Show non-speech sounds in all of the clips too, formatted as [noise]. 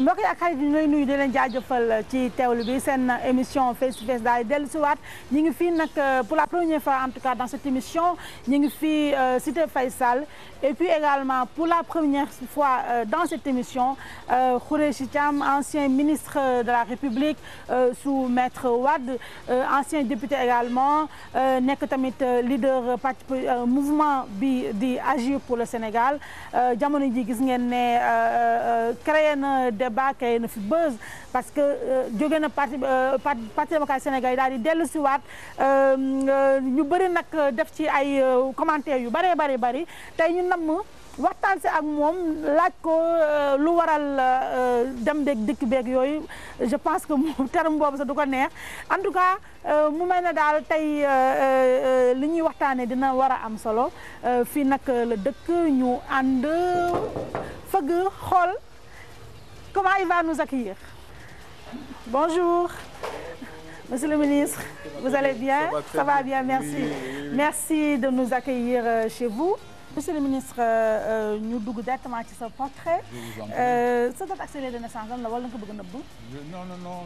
mbokk yi ak xarit yi ñooy nuyu di leen jaajëfal ci teewlu bi seen émission face to face daal di dellu si waat ñu ngi fii nag euh, pour la première fois en tout cas dans cette émission ñu ngi fii euh, cité Faye Sall et puis également pour la première fois euh, dans cette émission Khoureyssi Thiam ancien ministre de la République sous maître Wade ancien député également nekk tamit leader parti mouvement bi di agir pour le Sénégal jamono ji gis ngeen ne créé na. débat créé na fi buzz parce que euh, jóge na parti euh, parti démocratique sénégalais daal di dellu si waat euh, ñu bëri nag def ci ay commentaires yu bëree bëri bëri tey ñu namm waxtaan si ak moom laaj ko lu waral dem beeg dikk beeg yooyu je pense que moom [laughs] terme boobu sax du ko neex en tout cas mu mel ne daal tey li ñuy waxtaanee dina war a am solo fii nag la dëkk ñu ànd fëgg xool. Comment il va nous accueillir Bonjour. Monsieur le ministre, vous allez bien Ça bien, merci. Merci de nous accueillir euh, monsieur le ministre euh, euh, ñu dugg directement ci sa portrait. Euh, sa date la wala nga ko bëgg a nëbb. non non non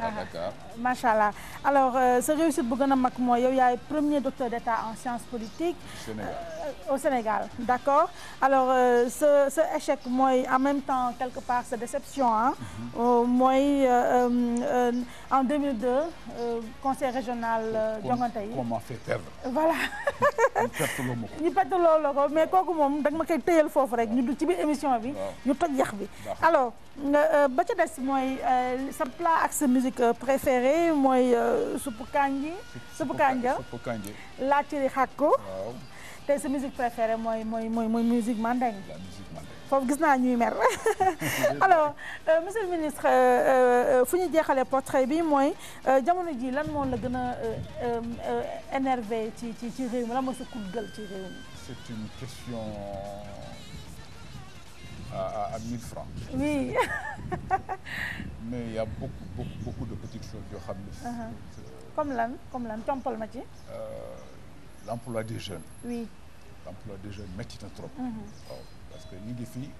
ah, allah alors sa réussite bu gën a mag mooy yow yaay premier docteur d' en sciences politiques. Sénégal Sénégal accord alors sa sa échec mooy en même temps quelque part sa déception ah. mooy en 2002 conseil régional. jongante ñu perteloo ma ko la ko mais kooku moom danga ma koy téyal foofu rek ñu du ci biir émission bi. ñu toj yax bi. alors euh, ba ca des mooy euh, sa plat ak sa musique euh, préférée mooy suppu kanji. suppu kanja suppu kanja. laajte xàkku. waaw te sa musique préférée mooy mooy mooy mooy musique foofu gis naa ñuy mer [laughs] alors euh, monsieur le ministre euh, euh, fu ñu jeexalee portrait bi mooy jamono ji lan moo la gën a énervé ci ci ci réew mi lan moo sa kudgal ci réew mi c'est une question à, à, francs. Oui. [laughs] Mais il a beaucoup, de petites choses, je uh -huh. Comme l'an, comme l'an, tu en parles, Mathieu L'emploi des jeunes. Oui. L'emploi des jeunes, mais qui trop. Uh parce que ñu ngi fii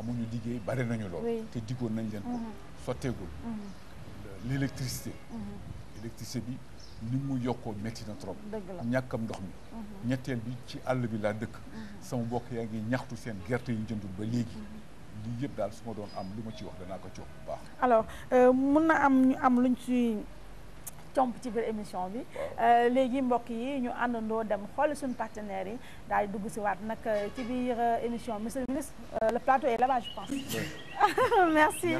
amuñu liggéey bare nañu lool te diggoon nañ leen ko mm-hmm. sotteegul mm-hmm. l' électricité mm-hmm. électricité bi ni mu yokkoo métti na trop ñàkkam ndox mi ñetteel bi ci àll bi laa dëkk sama mbokk yaa ngi ñaxtu seen gerte yu jëndul ba léegi lii yëpp daal su ma doon am li ma ci wax danaa ko coow baax alors euh, mun na am ñu am luñ ci comp ci biir émission bi euh, léegi mbokk yi ñu àndandoo dem xool suñu partenaires yi daal dugg si waat nag euh, ci biir euh, émission monsieur le ministre le plateau est là-bas je pense [laughs] merci,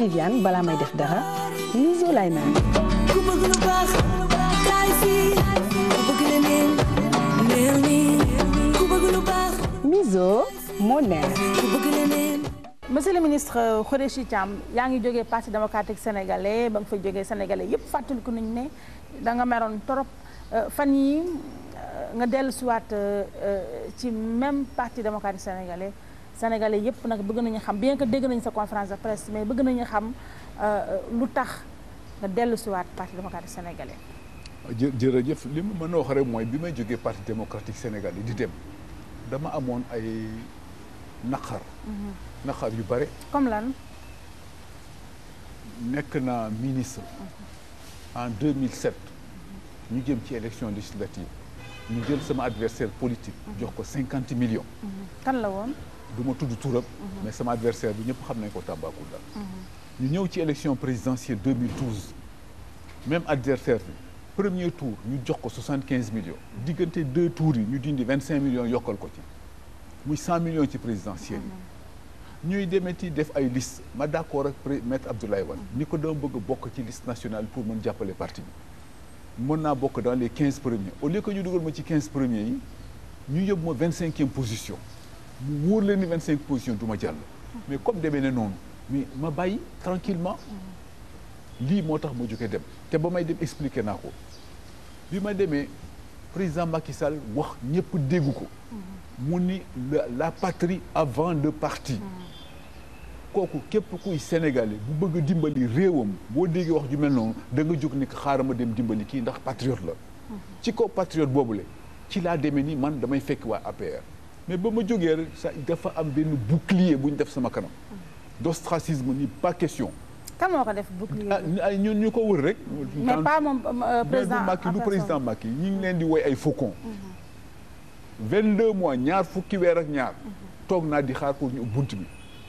Viviane balaa may def dara miso lay naan. moo neex. ku ministre Khoureyssi Thiam yaa ngi jóge parti démocratique sénégalais ba nga fay jógee sénégalais yëpp fàttaliku nañu ne danga meroon trop euh, fan yi euh, nga dellusiwaat euh, ci même parti démocratique sénégalais. sénégalais yëpp nag bëgg nañu xam bien que dégg nañu sa conférence de presse mais bëgg nañu xam euh, lu tax nga dellu siwaat parti démocratique sénégalais. jë jëf li ma mën a wax rek mooy bi may jógee parti démocratique sénégalais di dem dama amoon ay naqar. Mhm. naqar yu bare. comme lan. nekk na ministre. en 2007. Mhm. ñu jëm ci élection législative. ñu jël sama adversaire politique. Mhm. jox ko cinquante millions. kan la woon. du ma tudd turam. mais sama adversaire bi ñëpp xam nañ ko Tambacounda. ñu ñëw ci élection présidentielle 2012 même adversaire bi premier tour ñu jox ko 75 millions. diggante deux tours yi ñu dindi 25 millions yokkal ko ci muy 100 millions ci présidentielle yi. ñuy demeti def ay liste ma d' accord ak maître Abdoulaye Wade. ni ko dama bëgg bokk ci liste nationale pour mën jàppale parti bi. mën naa bokk dans les 15 premiers au lieu que ñu dugal ma ci 15 premiers yi ñu yóbbu ma 25e position. mu wóor leen ni vingt cinq position du ma jàll mais comme demee ne noonu mais ma bàyyi tranquillement lii moo tax ma jógee dem te ba may dem expliquer naa ko bi ma demee président Macky Sall wax ñépp dégg ko mu ni la patrie avant de parti kooku képp kuy sénégalais bu bëgg dimbali réewam boo déggee wax ju mel noonu da nga jóg ni xaaral ma dem dimbali kii ndax patriote la ci kaw boobu le ci laa demee ni man damay fekk waa APR mais ba ma jógee rek dafa am benn bouclier bu ñu def sama kanam. d'ostracisme ni pas question. kan moo ko def bouclier ah, ay ñun ñu ko wër rek. mais pas moom euh, président Macky du président Macky ñi ngi leen di woy ay faucon. 22 mm-hmm. mois ñaar fukki weer ak ñaar. Mm-hmm. toog naa di xaar pour ñu bunt bi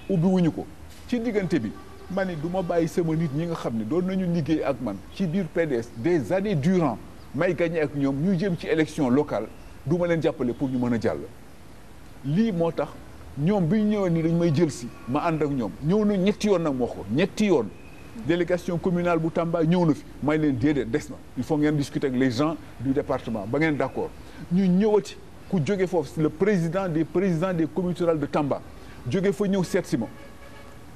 ubbi wuñu ko ci diggante bi ma ni du ma bàyyi sama nit ñi nga xam ne doon nañu liggéey ak man ci biir PDS des années durant may gagné ak ñoom ñu jëm ci élection locale du ma leen jàppale pour ñu mën a jàll. lii moo tax ñoom bi ñu ñëwee nii dañ may jël si ma ànd ak ñoom ñëw na ñetti yoon nag moo ko ñetti yoon délégation communale bu Tamba ñëw na fi may leen déedéet des na il faut ngeen discuter ak les gens du département ba ngeen d'accord ñu ñëwati ku jóge foofu le président des président des commune rurales de Tamba jóge fa ñëw seet si ma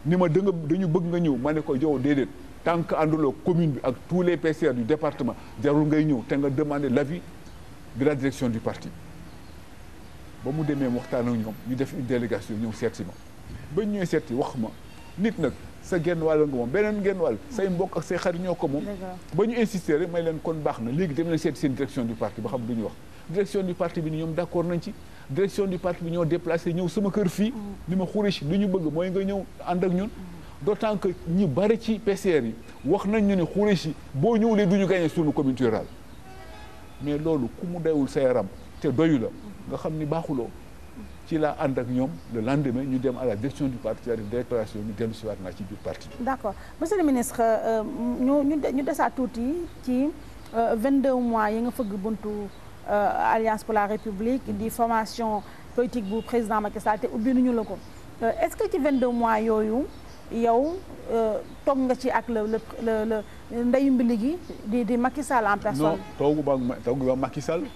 ni ma da nga dañu bëgg nga ñëw ma ne ko yow déedéet tant que ànduloo commune bi ak tous les PCR du département jarul ngay ñëw te nga demander l'avis de la direction du parti ba mu demee waxtaan ak ñoom ñu def une délégation ñëw seet si ma ba ñu ñëwee seet si wax ma nit nag sa genn wàll nga moom beneen genn wàll say mbokk ak say xarit ñoo ko moom ba ñu insister rek may leen kon baax na léegi dem leen seen direction du parti ba xam du ñu wax direction du parti bi ni ñoom d'accord nañ ci direction du parti bi ñoo déplacé ñëw sama kër fii mm. ni ma xuréchi lu ñu bëgg mooy nga ñëw ànd ak ñun mm. d'autant que ñi bari ci PCR yi wax nañ ñu ne xuréchi boo ñëwlee du ñu gagné suñu commune rurale mais loolu mu dayul sa yaram te doyu la nga xam ni baaxuloo ci laa and ak ñoom le lendemain ñu dem a la direction du parti à déclaration ñu dem si waat naa ci biir parti bi. monsieur ministre euh, ñu ñu ñu desaat tuuti ci 22 euh, mois yi nga fëgg buntu euh, alliance pour la république di formation politique bu président Macky Sall te ubbi ñu la ko est ce que ci 22 mois yooyu yow toog nga ci ak le le ndeyu mbili gi di di Macky Sall en personne. non toogu ba toogu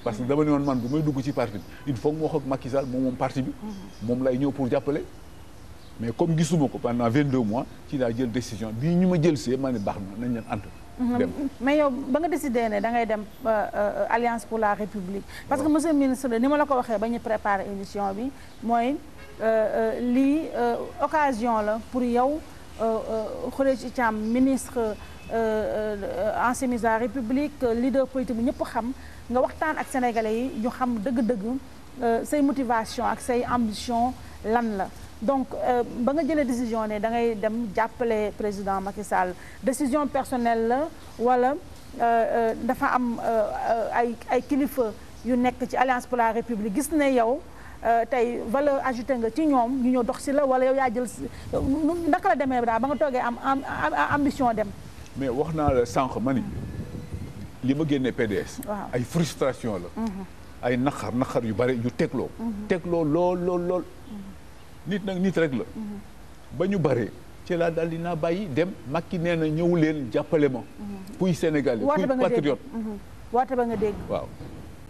parce que dama ne woon man bu may dugg ci parti bi il faut mu wax ak Macky moom moom parti bi. Mm-hmm. moom lay ñëw pour jàppale. mais comme gisuma ko pendant 22 mois ci laa jël décision bii ñu ma jël see ma ne baax na nañ leen ànd. Mm-hmm. dem mais yow ba nga décidé ne da ngay dem euh, euh, alliance pour la république. parce que monsieur le ministre ni ma la ko waxee ba ñu préparé émission bi mooy euh, lii occasion la pour yow Khoureychi Thiam ministre. ancien ministre de la république euh, leader politique bu ñëpp xam nga waxtaan ak sénégalais yi ñu xam dëgg-dëgg euh, say motivation ak say ambition lan la donc euh, ba nga jëlee décision ne da ngay dem jàppale président Macky Sall décision personnelle la wala dafa am ay ay kilifa yu nekk ci alliance pour la république gis ne yow tey valeur ajoutée nga ci ñoom ñu ñëw dox si la wala yow yaa jël si naka la demee daal ba nga toogee am ambition dem. mais wax naa la sànq ma ni li ma génnee PDS. ay frustration la. Mm-hmm. ay naqar naqar yu bare yu tegloo. Mm-hmm. tegloo lool lool lool. Mm-hmm. nit nag nit rek la. ba ñu bare. ci laa daal dinaa bàyyi dem Macky nee na ñëw leen jàppale ma. kuy sénégalais kuy patriote. waata ba nga dégg waaw.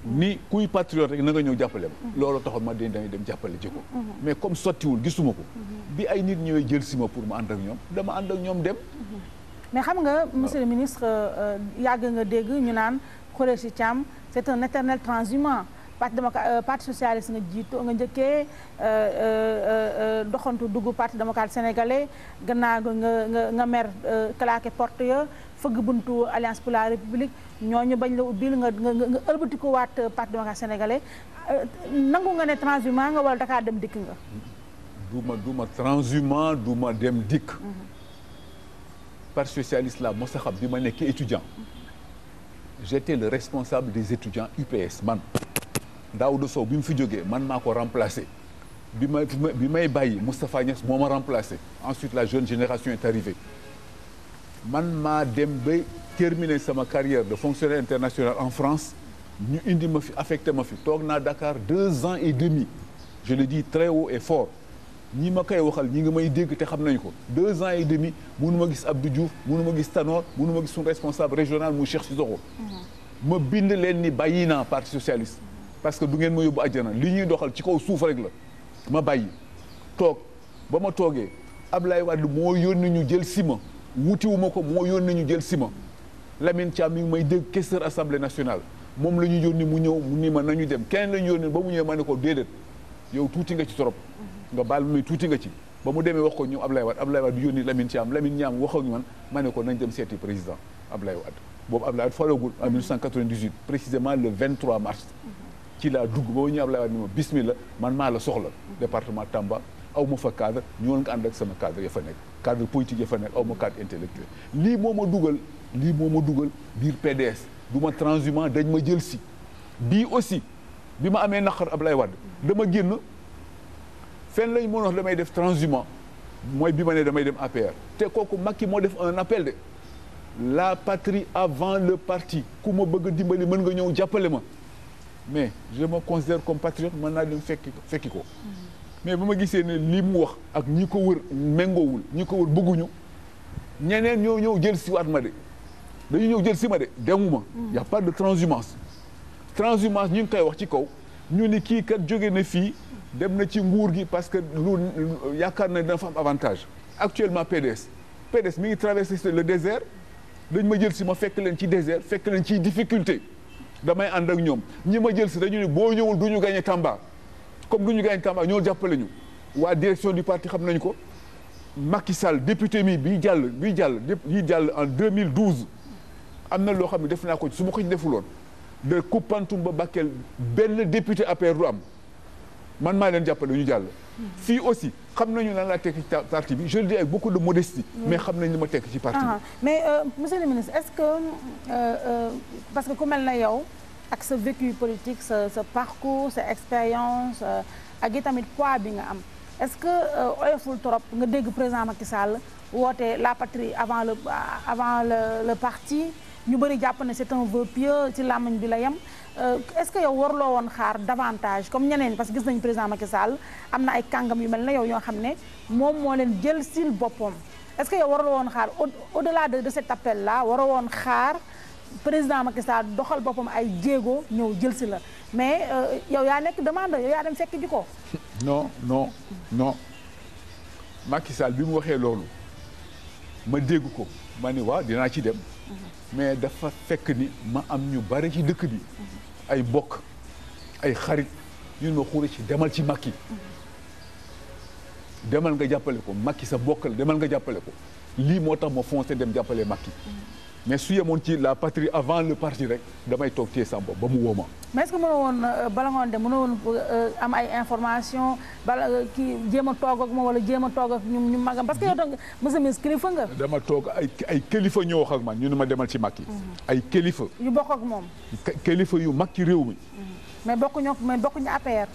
ni kuy patriote rek na nga ñëw jàppale ma. loolu taxoon ma dañuy dem jàppale ji ko. mais comme sottiwul gisuma ko. bi ay nit ñëwee jël si ma pour ma ànd ak ñoom dama ànd ak ñoom dem. mais xam nga monsieur le ministre euh, yàgg nga dégg ñu naan Khoureychi Thiam c'est un éternel transhumant parti démocrate euh, parti socialiste nga jiitu nga njëkkee euh, doxantu dugg parti démocrate sénégalais gannaaw nga nga nga mer claqué porte ya fëgg buntu alliance pour la république ñooñu bañ la ubbil nga nga nga ëlbatiku waat parti démocrate sénégalais nangu nga ne transhumant nga wala Dakar dem dikk nga. du ma du ma dem dikk. Mm-hmm. parti socialiste la mos a bi ma nekkee étudiant j'étais le responsable des étudiants UPS man Daouda Sow bi mu fi jógee man maa ko remplacé bi may bi may bàyyi Moustapha Niass moo ma remplacé ensuite la jeune génération est arrivée man maa dem ba terminer sama carrière de fonctionnaire international en France ñu indi ma fi affecté ma fi toog naa Dakar deux ans et demi je le dis très haut et fort ñii ma koy waxal ñi nga may dégg te xam nañu ko deux ans et demi mënu ma gis Abdou Diouf mënu ma gis Tanor mënu ma gis suñu responsable régional mu Cheikh Sissoko mm-hmm. ma bind leen ni bàyyi naa parti socialiste mm-hmm. parce que du ngeen ma yóbbu àjjana li ñuy doxal ci kaw suuf rek la ma bàyyi toog ba ma toogee ab Ablaye Wade moo yónni ñu jël si ma wutiwuma ko moo yónni ñu jël si ma Lamine Thiam mi ngi may dégg questeur assemblée nationale moom la ñu yónni mu ñëw mu ni ma nañu dem kenn la ñu yónni ba mu ñëwee ma ne ko déedéet yow tuuti nga ci trop mm-hmm. nga baal luy tuuti nga ci ba mu demee wax ko ñu Ablaye Wade Ablaye Wade du yónni Lamine Thiam Lamine Thiam wax ak man ma ne ko nañ dem seeti président Ablaye Wade boobu Ablaye Wade falagul en 1998 précisément le 23 mars ci laa dugg boobu ñu Ablaye Wade ni ma bismillah man maa la soxla département Tamba aw ma fa cadre ñëwal nga ànd ak sama cadre ya fa nekk cadre politique ya fa nekk aw ma cadre intellectuel lii moo ma dugal lii moo ma dugal biir PDS du ma transhumant dañ ma jël si bii aussi bi ma amee naqar Ablaye Wade dama génn fenn lañ mën a wax damay def transhumant mooy bi ma ne damay dem APR te kooku Macky moo def un appel de la patrie avant le parti ku ma bëgg a dimbali mën nga ñëw jàppale ma mais je me comme patriote mën naa dem fekki fekki ko mais ba ma gisee ne lii mu wax ak ñii ko wër méngoowul ñi ko wër bëgguñu ñeneen ñoo ñëw jël si waat ma de dañu ñëw jël si ma de demuma mm. y a pas de transhumance transhumance ñu ngi koy wax ci kaw ñu ni kii kat joge na fii dem na ci nguur gi parce que lu yaakaar na dina fa am avantage actuellement PDS PDS mi ngi traversé le désert dañ ma jël si ma fekk leen ci désert fekk leen ci difficulté damay ànd ak ñoom ñi ma jël si dañu ne boo ñëwul du ñu gagné Tamba comme du ñu gagné Tamba ñoo jàppale ñu waa direction du parti xam nañ ko Macky Sall député mi bi jàll bi jàll yi jàll en 2012 am na loo xam ne def naa ko su ma ko ci defuloon de Koupantoum ba Bakel benn député APR du am. man maa leen jàppale ñu jàll. fii aussi xam nañu lan laa tekk ci parti bi je le dis avec beaucoup de modestie. mais xam nañ li ma tekk ci parti bi. Ah, mais euh, monsieur le ministre est-ce que euh, euh, parce que ku mel na yow ak sa vécu politique sa sa parcours sa expérience euh, ak i tamit poids bi nga am est-ce que euh, oyoful trop nga dégg président Macky Sall woote la patrie avant le avant le le parti ñu bëri jàpp ne c'est un vœu pieux ci làmmiñ bi la yem. Euh, est-ce que yow warloo woon xaar davantage comme ñeneen parce que gis nañ président Macky am na ay kàngam yu mel na yow ñoo xam ne moom moo leen jël sil boppam est-ce que yow warloo woon xaar au-delà de cet appel là waroo woon xaar président Macky doxal boppam ay jéego ñëw jël si la mais euh, yow yaa nekk demande yow yaa dem fekk ji ko. [laughs] non non non bi mu waxee loolu ma dégg ko ma ni waaw dinaa ci dem mhm. mais dafa fekk ni ma am ñu bari ci dëkk bi. Mhm. ay mbokk ay xarit ñun ma xuure ci demal ci Macky demal nga jàppale ko Macky sa bokk la demal nga jàppale ko lii moo tax ma foncé dem jàppale Macky mais su yemoon ci la patrie avant le parti rek damay toog ci sàmba ba mu wooma mais est-ce que woon euh, bala nga woon de mënoo woon euh, am ay information bala euh, kii jéem a toog ak moom wala jéem a toog ñu ñu magam parce que yow donc monsieur kilifa nga. dama toog ay ay kilifa ñoo wax ak ñu ne ma demal ci mag yi. Mhm. ay kilifa. yu bokk ak moom. kilifa yu mag ci réew mi. Mhm. mais bokkuñu mais bokkuñu APR.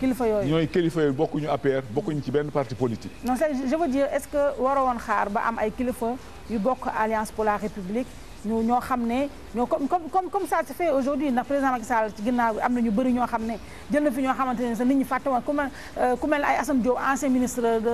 kilifa yooyu ñooy kilifa yooyu bokkuñu APR bokkuñu ci benn parti politique. non c'est je est-ce que woon xaar ba am ay kilifa yu bokk alliance pour la république ñoo xam ne. ñoo comme comme comme ça se fait aujourd'hui ndax président Macky Sall ci ginnaaw am na ñu bëri ñoo xam ne jël na fi ñoo xamante ne sax nit ñi fàtte woon ku mel euh, ku mel ay Assane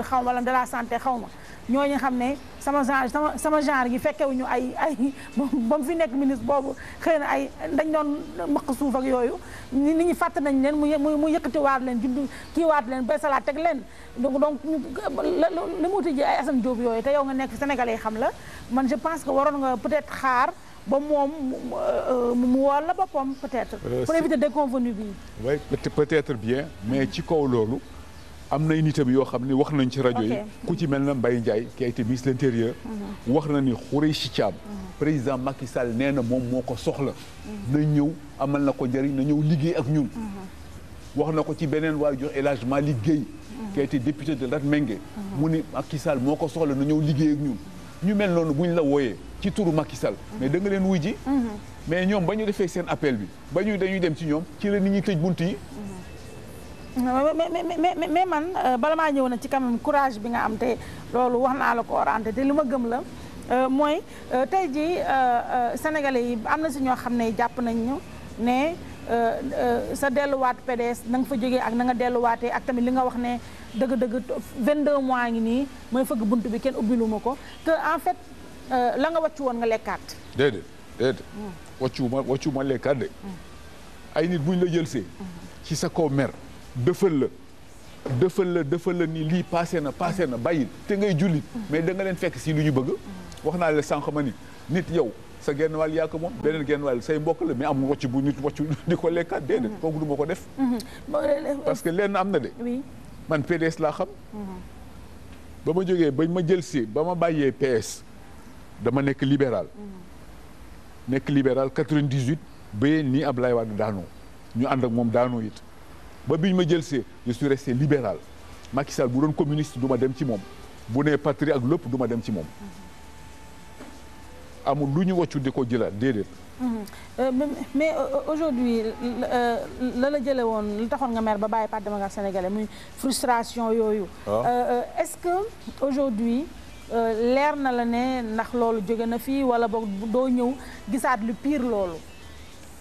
xaw ma wala de la xaw ma ñooñu xam ne sama genre sama sama genre yi fekkewuñu ay ay [laughs] ba fi nekk ministre boobu xëy na ay dañ doon maq suuf ak yooyu nit ñi fàtte nañ leen mu mu yëkkatiwaat leen juddu kiiwaat leen besalaat teg leen donc donc li mu uti ji ay Assane Diop yooyu te yow nga nekk sénégal sénégalais yi xam la man je pense que waroon nga peut-être xaar ba moom mu euh, woor la boppam peut-être. Euh, pour éviter déconvenu bi. oui peut-être bien mais ci kaw loolu am na nay nitam yoo xam ne wax nañ ci rajo yi. ku ci mel na mbay Ndiaye qui a été ministre de l'intérieur. Mhm. wax na ni Khoureychi Thiam. Mhm. président Macky Sall nee na moom moo ko soxla. Mhm. na ñëw amal na ko njëriñ na ñëw liggéey ak ñun. wax na ko ci beneen waajur El Hadj Malick Guèye. qui a été député de Latmingué. mu ni Macky Sall moo ko soxla na ñëw liggéey ak ñun. ñu mel noonu buñ la wooyee. ci turu Macky Sall mais da nga leen wuy ji mm-hmm. mais ñoom ba ñu defee seen appel bi ba ñu dañuy dem ci ñoom ci la nit ñi tëj bunt yi mm-hmm. mais mais man euh, bala maa ñëw na ci quand même courage bi nga am te loolu wax naa la ko orante te li ma gëm la euh, mooy euh, tey jii sénégalais yi am na si ñoo xam ne jàpp nañ ñu ne sa delluwaat PDS na nga fa jógee ak na nga delluwaatee ak tamit li nga wax ne dëgg-dëgg 22 mois ngi nii mooy fëgg bunt bi kenn ubbilu ko que en fait Euh, la nga wàccu woon nga lekkaat. déedéet déedéet. Hmm. wàccu ma wàccu ma lekkaat de. Hmm. ay nit buñ la jëlsee. Hmm. ci sa kaw mer dëfal la. dëfal la dëfal la ni lii passé na passé na bàyyil te ngay jullit mais da nga leen fekk si lu ñu bëgg. wax naa la sànq ma ni nit yow sa genn wàll yaa ko moom beneen genn wàll say mbokk la mais am wocc bu nit wocc di ko lekkaat déedéet kooku du ma ko def. Euh, euh, parce que leen am na de. man PDS laa xam. ba ma jógee bañ ma jël si ba ma bàyyee PS. dama nekk libéral. Mm. nekk libéral 98 ba ni Ablaye Wade daanoo ñu ànd ak moom daanoo it ba bi ñu ma jël see je liberal resté libéral bu doon communiste du ma dem ci moom bu nee patrie ak lépp du ma dem ci moom. Mm-hmm. amul lu ñu wàccu di ko jëlaat déedéet. Mm-hmm. Euh, mais euh, aujourd'hui euh, la la woon li taxoon nga mer ba bàyyi Parti démocratique sénégalais muy frustration yooyu. Ah. est-ce que aujourd'hui Euh, leer na la ne ndax loolu jóge na fii wala boog doo ñëw gisaat lu pire loolu.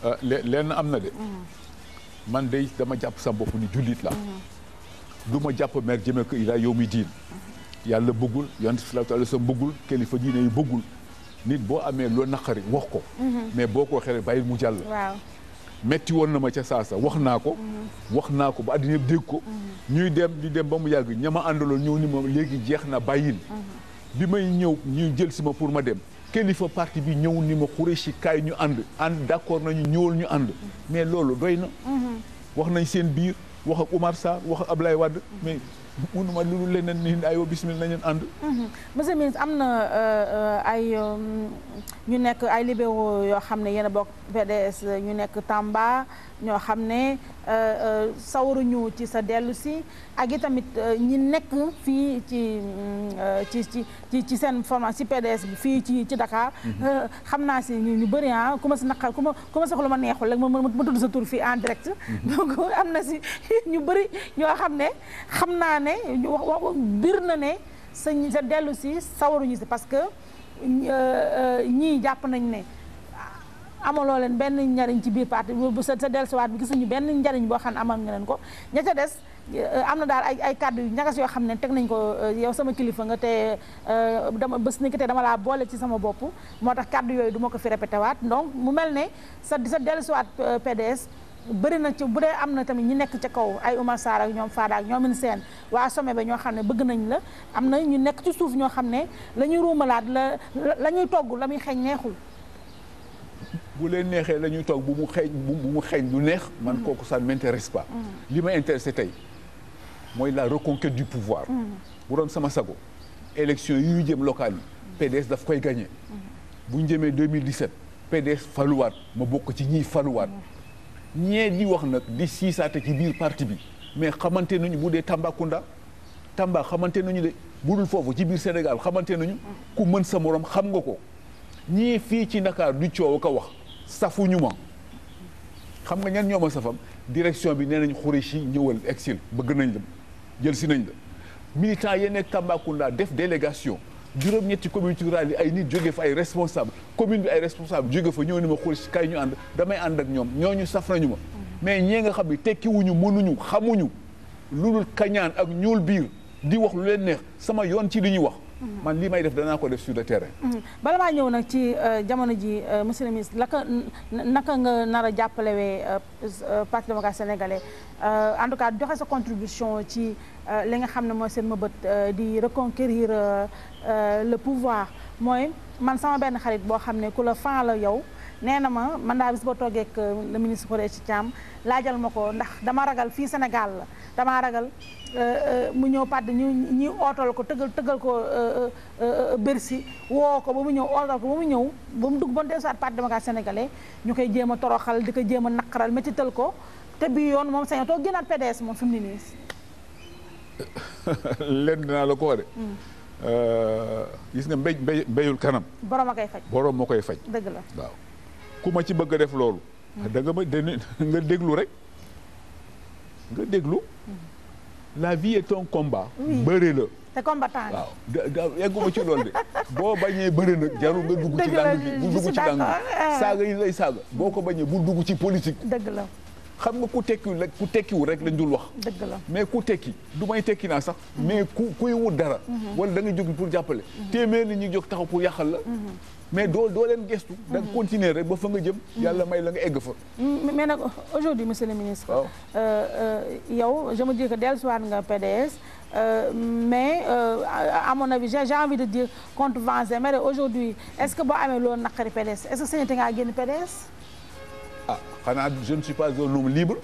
Euh, leen am na de. Mm-hmm. man de dama jàpp sa bopp ni jullit la mm-hmm. du ma jàpp mer jëmee ko ilaa yow mi mm-hmm. yàlla bëggul yonent sallallahu alayhi wasallam bëggul kilifa diine yi bëggul nit boo amee loo naqari wax ko. mais boo ko waxee bàyyi mu jàll. waaw metti woon na ma ca saasa wax naa ko. wax naa ko ba àddina yëpp ko. ñuy dem di dem ba mu yàgg ñama àndaloon ñëw ni moom léegi jeex na bàyyil. bi may ñëw ñu jël si ma pour ma dem kilifa parti bi ñëw ni ma Khoureychi kaay ñu ànd ànd d'accord nañu ñëwal ñu ànd mais loolu doy na mm-hmm. wax nañ seen biir wax ak Oumar Sarr wax ak Ablaye Wade mm-hmm. mais mënuma loolu leneen ni aywa bismillah nañu ànd. Mm-hmm. monsieur ministre am na euh, euh, ay euh, ñu nekk ay libéraux yoo xam ne yéen a bokk PDS ñu nekk Tamba. ñoo xam ne euh, euh, sawaruñu ci sa dellu si ak i tamit euh, ñi nekk fii ci ci ci ci seen formation ci PDS bi fii ci ci Dakar. Mhm. xam naa si ñu bëri ah ku ma si naqar ku ma ku ma soxla ma neexul rek ma ma tudd sa tur fii en direct. Mhm. donc am na si [laughs] ñu bëri ñoo xam ne xam naa ne wax bir na ne sa sa dellu si sawaruñu si parce que ñii jàpp nañ ne. amaloo leen benn njariñ ci biir parti bu sa sa dellusiwaat bi gisuñu benn njariñ boo xam ne amal nga leen ko ña ca des euh, am na daal ay ay kàddu yu ñagas yoo xam ne teg nañ ko euh, yow sama kilifa nga te euh, dama bés ni dama laa boole ci sama bopp moo tax kàddu yooyu du ko fi répété donc mu mel ne sa sa dellusiwaat PDS bëri na ci bu dee am na tamit ñu nekk ca kaw ay Oumar Sarr ak ñoom Fada ak ñoomin seen waa sommet ba ñoo xam ne bëgg nañ la am na ñu nekk ci suuf ñoo xam ne la ñuy ruumalaat la la ñuy togg la muy xeeñ neexul bu leen neexee la ñuy toog bu mu xeeñ bu mu xeeñ lu neex man mm. kooku ça ne m'intéresse pas mm. li ma intéressé tey mooy la reconquête du pouvoir mm. bu doon sama sago élection yu ñu jëm locale yi PDS daf koy gagné bu ñu jëmee 2017 PDS faluwaat ma bokk ci ñii faluwaat ñee di wax nag di siisaate ci biir partie bi mais xamante nañu bu dee Tambacounda Tamba xamante nañu de bu dul foofu ci biir Sénégal xamante nañu ku mën sa morom xam nga ko ñii fii ci Dakar du coow ko wax safuñu ma xam nga ñan ñoo ma safam direction bi nee nañ Khoureychi ñëwal exil bëgg nañ la jël si nañ la militant yi nekk Tambacounda def délégation juróom-ñetti ci rurales yi ay nit jóge fa ay responsable commune bi ay responsable jóge fa ñëw ni ma Khoureychi kay ñu ànd damay ànd ak ñoom ñoo ñu saf nañu ma mais ñee nga xam ne tekkiwuñu mënuñu xamuñu lu dul kañaan ak ñuul biir di wax lu leen neex sama yoon ci li ñuy wax man lii may def danaa ko def sur le terrain. Mm-hmm. bala maa ñëw nag ci euh, jamono ji euh, monsieur le ministre naka nga nar a jàppalewee euh, parti démocratique sénégalais en tout cas joxe sa contribution ci li nga xam ne mooy seen mëbët di reconquérir le pouvoir mooy man sama benn xarit boo xam ne ku la fan la yow. nee na ma man daa bis ba toogee ak euh, le ministre Khoureychi caam laajal ma ko ndax dama ragal fii Sénégal la damaa ragal euh, euh, mu ñëw pàdd ñu ñuy ootal ko tëgal tëggal ko Bercy woo ko ba mu ñëw ootal ko ba mu ñëw ba mu dugg ba mu dellusiwaat parti démocratique sénégalais ñu koy jéema a toroxal di ko jéem a naqaral métital ko te bii yoon moom sañoo toog gënaat PDS moom fi mu ne nii. [laughs] leen dinaa la ko waree. Mm. gis nga mbéy mbéyul kanam. borom a koy faj borom moo koy faj. dëgg la ku ma ci bëgg a def loolu mm. da nga ma nga déglu rek nga déglu mm. la vie est un combat bëri la te combattant waaw yegguma ci loolu de boo bañee bëri na jarul nga dugg ci dàng bi bul dugg ci dàng bi eh. saaga yi lay saaga boo ko bañee bul dugg ci politique dëgg la xam nga ku tekkiwul rek ku tekkiwul rek lañ dul wax dëgg la mais ku tekki du may tekki naa sax mais ku kuy wut dara mm-hmm. wala da nga jóg pour jàppale mm-hmm. téeméer ni ñu jóg taxaw ku yàqal la mm-hmm. mais doo doo leen gestu. Mhm. da continuer rek ba fa nga jëm. Mhm. yàlla may la nga egg fa. Mm, mais nag aujourd'hui monsieur le ministre. Euh, euh, yow je me dis que dellusiwaat nga PDS. Euh, mais euh, à mon avis j'ai envie de dire contre vents et marées aujourd'hui est-ce que boo amee loolu naqari PDS est-ce que sañate ngaa génn PDS ah je ne suis pas un homme libre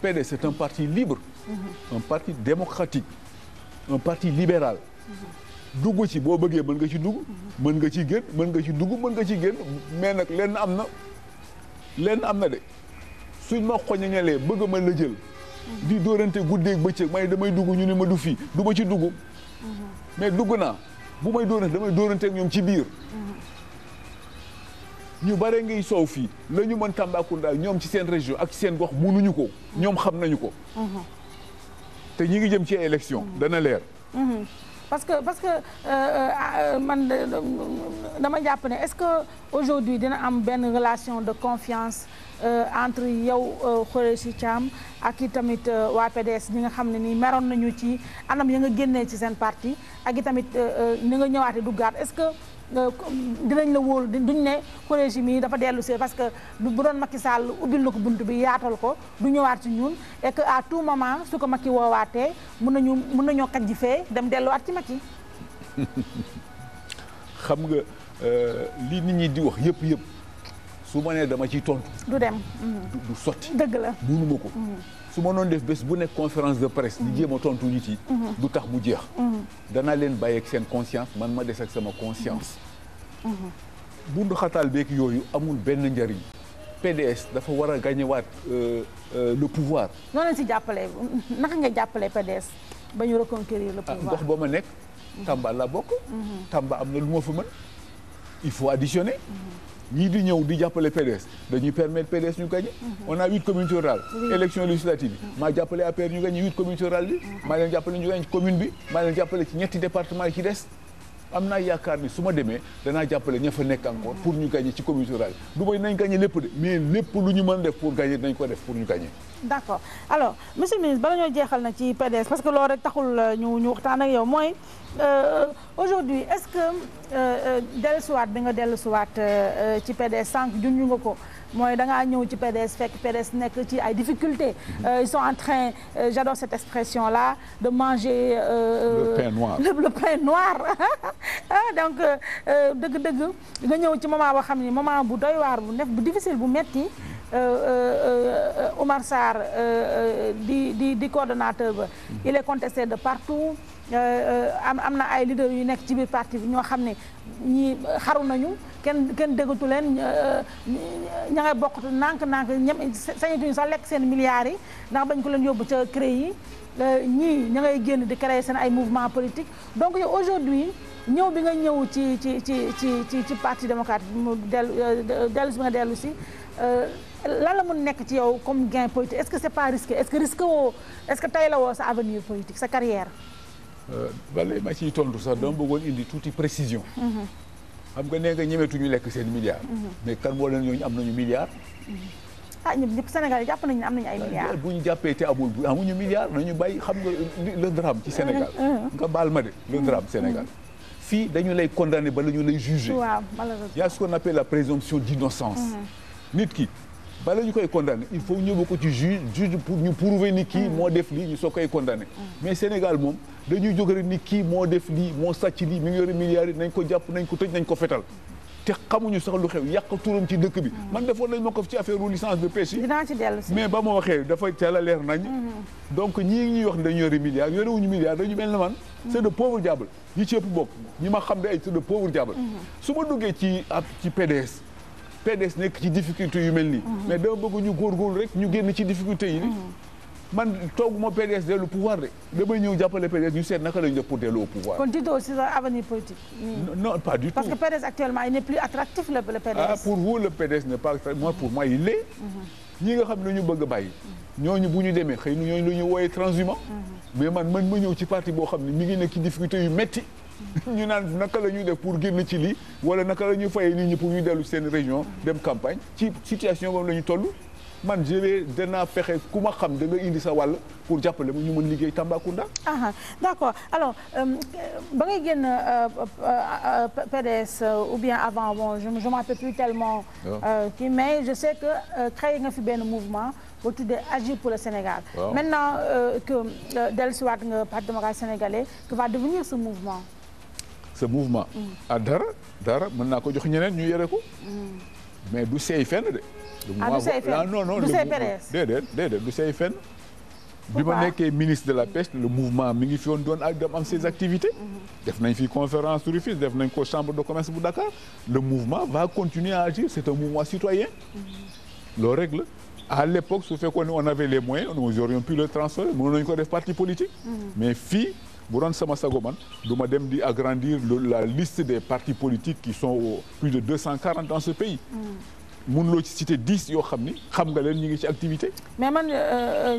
PDS c'est un parti libre mhm. un parti démocratique un parti libéral dugg ci boo bëggee mën nga ci dugg mën nga ci génn mën nga ci dugg mën nga ci génn mais nag lenn am na lenn am na de suñ ma xoñañalee bëgg ma la jël di dóorante guddeeg bëccëg may damay dugg ñu ne ma du fii duma ci dugg mais dugg naa bu may dóorante damay dóorante ak ñoom ci biir ñu bare ngiy soow fii la ñu mën Tambacounda ñoom ci seen région ak seen gox munuñu ko ñoom xam nañu ko te ñu ngi jëm ci élection dana leer parce que parce que euh, euh, ah, euh, man dama jàpp ne est-ce que aujourd'hui dina am benn relation de confiance entre yow Khoureyssi Thiam ak i tamit waa PDS ñi nga xam ne nii meroon nañu ci anam ya nga génnee ci seen parti ak i tamit ni nga ñëwaatee duggaat est-ce que Euh, dinañ la wóolu duñ ne collège mi dafa dellu si parce que bu doon Macky Sall ubbil na ko bunt bi yaatal ko du ñëwaat ci ñun et que à tout moment su ko Macky woowaatee mun nañu mun nañoo kat ji fee dem delluwaat ci Macky [laughs] xam nga euh, li nit ñi di wax yëpp yëpp su ma nee dama ciy tontu. du dem. du sotti. dëgg la mënuma ko. Mm. su ma noon def bés bu nekk conférence de presse di jéem tontu nit yi mhm. du tax mu jeex mhm. danaa leen bàyyi ak seen conscience man ma des ak sama conscience mhm. bundu xataal beeg yooyu amul benn njariñ PDS dafa war a gañewaat euh, euh, le pouvoir noonu lañ si jàppale naka nga jàppale PDS ba ñu reconquérir le ah, pouvoir gox ba ma nekk Tamba la bokk Tamba am na lu ma fa mën il faut additionner ñii di ñëw di jàppale PDS dañuy permettre PDS ñu gagné. Mhm. on a huit communes rurales. élection législative bi. maa jàppale APR ñu gagné huit communes rurales mhm. bi. maa leen jàppale ñu gagné commune bi. maa leen ci ñetti département yi ci des. am naa yaakaar ni su ma demee danaa jàppale ña fa nekk encore pour ñu gagné ci commune rurale du may nañ gagné lépp de mais lépp lu ñu mën def pour gagné nañ ko def pour ñu gagné. d' accord alors monsieur bala ñoo jeexal na ci PDS parce que loo rek taxul euh, ñu ñu waxtaan ak yow mooy euh, aujourd'hui est ce que euh, dellusiwaat bi nga dellusiwaat ci PDS sànq ñu nga ko. mooy da ngaa ñëw ci PDS fekk PDS nekk ci ay difficultés. Mhm. Euh, ils sont en train euh, j'adore cette expression là de manger. Euh, le pain noir le pain noir [laughs] ah, donc dëgg-dëgg nga ñëw ci moment boo xam ni moment bu doy waar bu nekk bu difficile bu metti Omar Sarr di di di coordonnateur ba mhm. il est contesté de partout am am na ay leaders yu nekk ci biir parti bi ñoo xam ne ñi xaru nañu. kenn kenn déggatu leen ña euh, ngay bokkatu nànk-nànk ñem sañatuñu sax lekk seen milliards yi ndax bañ ko leen yóbbu ca CREI yi euh, ñii ña ngay génn di créer seen ay mouvement politique donc yow aujourd'hui ñëw bi nga ñëw ci ci ci ci ci ci parti démocratique mu dellu euh, dellu si bi nga dellu si lan la mun nekk ci yow comme gain politique est-ce que c'est pas risqué est-ce que risque est-ce que tey la woo sa avenir politique sa carrière bala ma ciy tontu sax dama bëggoon indi tuuti précision mm-hmm. xam nga nee nga ñemeetuñu lekk seen milliards. Mhm. mais kan moo leen ñooñu am nañu milliards. Mhm. ah ñun ñëpp Sénégal jàpp nañu ne am nañu ay milliards. Ah, bu ñu jàppee te amul bu amuñu milliards nañu bay xam nga le drame ci Sénégal. Mhm. nga baal ma de le drame Sénégal. fii dañu lay condamné ba la ñu lay jugé. waaw malheureusement y a ce qu'on appelle la présomption d'innocence. nit ki. bala ñu koy condamné il faut ñu ko ci juge juge pour ñu prouver ni kii mm. moo def lii ñu soo koy condamné mm. mais Sénégal moom dañuy jóg rek ni kii moo def lii moo sàcc lii mi ngi yore milliards yi nañ ko jàpp nañ ko tëj nañ ko fetal te xamuñu sax lu xew yàq turam ci dëkk bi mm. man defoon nañ ma ko ci affaire licence de pêche yi mais ba ma waxee dafa teel a leer nañ mm-hmm. donc ñii ñuy wax ne dañu yore milliards yorewuñu milliards dañu mel ne man c'est de pauvre diable ñi ci ëpp bokk ñi ma xam ne ay c'est de mm-hmm. su ma duggee ci ci PDS PDS nekk ci difficulté yu mel nii. Mhm. mais dama bëgg ñu góorgóorlu rek ñu génn ci difficulté yi. Mhm. man toogu ma PDS dellu pouvoir de damay ñëw jàppale PDS ñu seet naka la ñu def pour dellu au pouvoir. kon Tito aussi sa avenir politique. non pas du tout parce que PDS actuellement il n'est plus attractif le le ah, pour vous le PDS n'est pas attractif pour moi il l'est. Mhm. ñi nga xam ne ñu bëgg a bàyyi. ñooñu bu ñu demee xëy na ñu wooyee transhumant. mais man man ma ñëw ci parti boo xam ne mi ngi nekk ci difficulté yu métti. [laughs] ñu naan naka la ñuy def pour génn ci lii wala naka la ñuy fayee nit ñi pour ñu dellu seen région dem campagne ci situation boobu la ñu toll man jëlee de fexe ku ma xam da nga indi sa wal pour jàppale ma ñu mën liggéey Tambacounda. ah d'accord alors euh, euh, ba ngay génn euh, PDS ou bien avant bon je je m'en plus tellement. Ah. kii mais je sais que créé nga fi benn mouvement. boo tuddee agir pour le Sénégal. maintenant que dellusiwaat nga Parti démocratique sénégalais que va devenir sa mouvement. Mm. ah dara dara mën naa ko jox ñeneen ñu yore ko. Mm. mais du seey fenn de. ah du seey fenn ah, non non du seey PDS déedéet déedéet ministre de la pêche le mouvement mi ngi fi woon doon ak dem am ses activités. Mm-hmm. def nañ fi conférence sur Rufisque def nañ ko chambre de commerce bu Dakar le mouvement va continuer à agir c' est un mouvement citoyen. Mm-hmm. loolu rek la à l' époque su fekkoon ne on avait les moyens nous aurions pu le transférer mënoon nañu ko parti politique. Mm-hmm. mais fi bu doon sama sago man du ma dem di agrandir la liste des partis politiques qui sont plus de deux cent quarante dans ce pays. Mm. mënuloo ci cité dix yoo xam ni xam nga leen ñu ngi ci activité. mais man euh,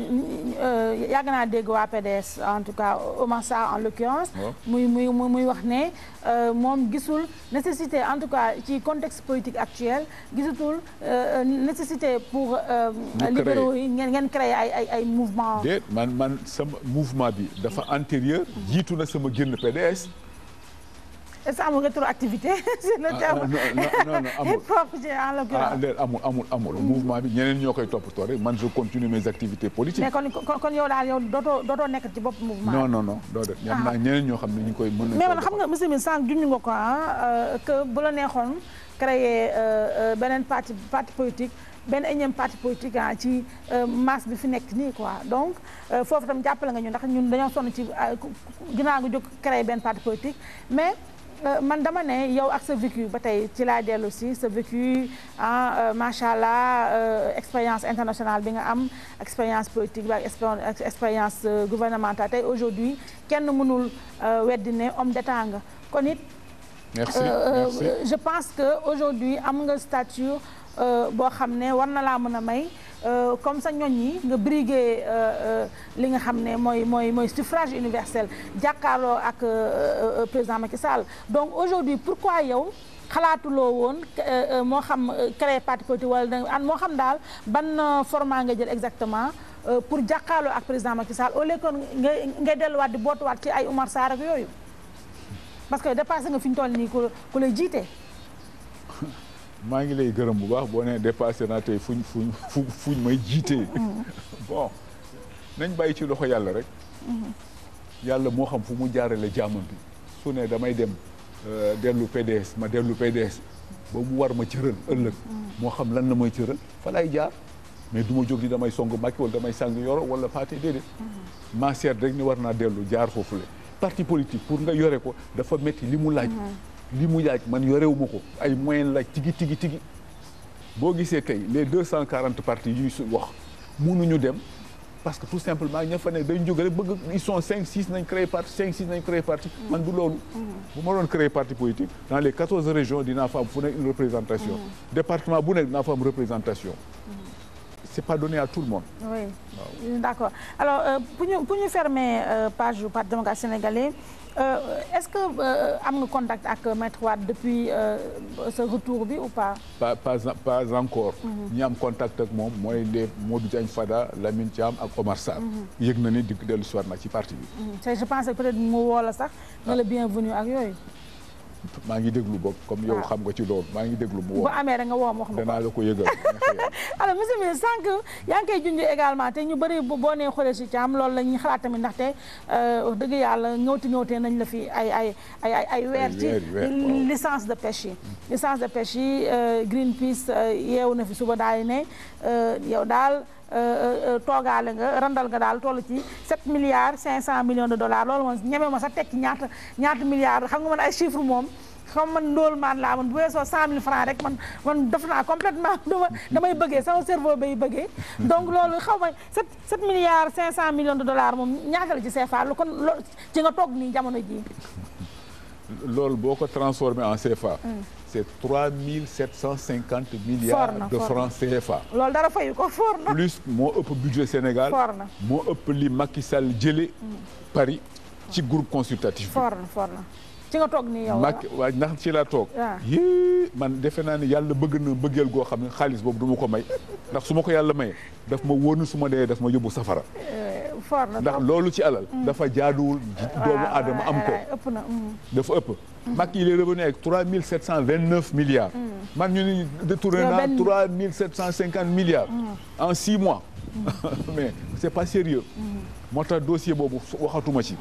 euh, yàgg naa dégg waa PDS en tout cas Oumar Sarr en l'occurrence muy muy muy wax ne euh, moom gisul nécessité en tout cas ci contexte politique actuel gisutul nécessité pour. libéraux yi ngeen ngeen créer ay ay ay mouvement. déet man man mouvement bi dafa antérieur jiitu na sama génn PDS. est ce que amul rétroactivité. [laughs] c'est le ah, terme non non [laughs] ah, mouvement bi ñeneen ñoo koy toppatoo rek man je continue mes activités politiques. mais kon kon daal yow nekk ci bopp mouvement non non non doo def ñam ah. ne ñu koy. mën nañu mais man xam nga monsieur mi sànq junj nga ko ah euh, bu la neexoon créer euh, euh, beneen parti parti politique. benn énième parti politique ah ci masse bi fi nekk nii quoi donc foofu tam jàppale nga ñu ndax ñun dañoo sonn ci ginnaaw nga jóg créé benn parti politique mais. Euh, man dama ne yow ak sa vécu ba tey ci laa dellu sa vécu ah euh, macha allah euh, expérience internationale bi nga am expérience politique ba ak expérience gouvernementale tey aujourd'hui kenn mënul weddi ne homme d'état kon it je pense que aujourd'hui am nga stature Euh, boo xam ne war na laa mën a may euh, comme sa ñoñ yi nga briguer euh, li nga xam ne mooy mooy mooy suffrage universel jàkkaarloo ak président Macky Sall donc aujourd'hui pourquoi yow xalaatuloo woon moo xam créer parti politique wala da ah, moo xam daal ban format nga jël exactement pour jàkkaarloo ak président Macky Sall au lieu que nga ngay delluwaat di bootuwaat ci ay Umar Sarr ak yooyu parce que dépassé nga fi ñu toll nii ku ku lay jiite maa ngi lay gërëm bu baax boo nee dépassé naa tey fu fuñ may jiitee mm-hmm. bon nañ bàyyi ci loxo yàlla rek mm-hmm. yàlla moo xam fu mu jaarale jaamam bi su ne damay dem euh, dellu PDS ma dellu PDS ba mu war ma cëral ëllëg mm-hmm. moo xam lan la may cëral fa laay jaar mais du ma jóg ni damay song Macky wala damay sàng yoro wala faate déedéet ma rek ni war naa dellu jaar foofule parti politique pour nga yore ko dafa metti li mu laaj li mu yaaj man yorewuma ko ay moyen la tigi tigi tigi boo gisee tey les deux cent quarante partis yuy su wax mënuñu dem parce que tout simplement ña fa ne dañ jóg rek bëgg ils sont cinq six nañ créé parti cinq six nañ créé parti man du loolu bu ma doon créé parti politique dans les quatorze régions dinaa fa am fu nekk une représentation département bu nekk dinaa fa am représentation c'est pas donné à tout le monde. oui d'accord alors euh, euh, bu ñu Euh, est-ce que euh, am nga contact ak maître Wade depuis sa euh, retour bi ou pas. pas pas pas encore. Mhm. ñi am contact ak moom mooy les Modou Diagne Fada Lamine Thiam ak Omar Sarr. Mhm. yëg na ni di dellu si waat na ci parti bi. Mhm. je pense peut-être mu woo la sax. ne la ah. bienvenue ak yooy maa ngi déglu boog comme yow ah. xam nga ci loolu maa ngi déglu mu woo bu amee rek nga woo ma wax ma la ko yëgal [laughs] alors monsieur ministre sànq yaa ngi koy junj également te ñu bëri boo nee xoolee si caam loolu la ñuy xalaat tamit ndaxte euh, dëgg yàlla ñëwti ñëwtee nañ la fi ay ay ay ay weer ci licence de pêche yi licence de pêche yi euh, Greenpeace euh, yeew na fi suba daal ne yow daal Euh, euh, toogaale nga randal nga daal toll ci 7 milliards 500 millions de dollars loolu moom ñeme ma sa tekki ñaata ñaata milliards xam nga man ay chiffre moom xam man ndóol maan laa man bu weesoo 100000 francs rek man man def naa complètement [laughs] damay bëggee sama cerveau bay bëggee. donc loolu xaw ma 7 7 milliards 500 millions de dollars moom ñaata la ci CFA lu kon lo ci nga toog nii jamono jii. loolu boo ko transformé en CFA. c' mm. est trois mille sept cent cinquante milliards. Forna, de francs CFA. loolu dara fayu ko for na. plus moo ëpp budget Sénégal. moo ëpp li Macky Sall jëlee. Mm. Paris ci groupe consultatif bi. ci nga toog nii yow ah. waaw ndax ci laa toog ah. yii man defe naa ne yàlla bëgg na bëggeel goo xam ne xaalis boobu du ma ko may ndax su ma ko yàlla may daf ma wóor su ma dee daf ma yóbbu safara eh, ndax loolu ci alal mm. dafa jaaduwul ah, doomu aadama am ko eh, eh, ëpp na mm. dafa ëpp Macky mm. il est revenu avec trois mille sept cent vingt neuf milliards man ñu ni détourné naa trois mille sept cent cinquante milliards en six mois [laughs] mais c'est pas sérieux moo tax dossier boobu waxatuma ci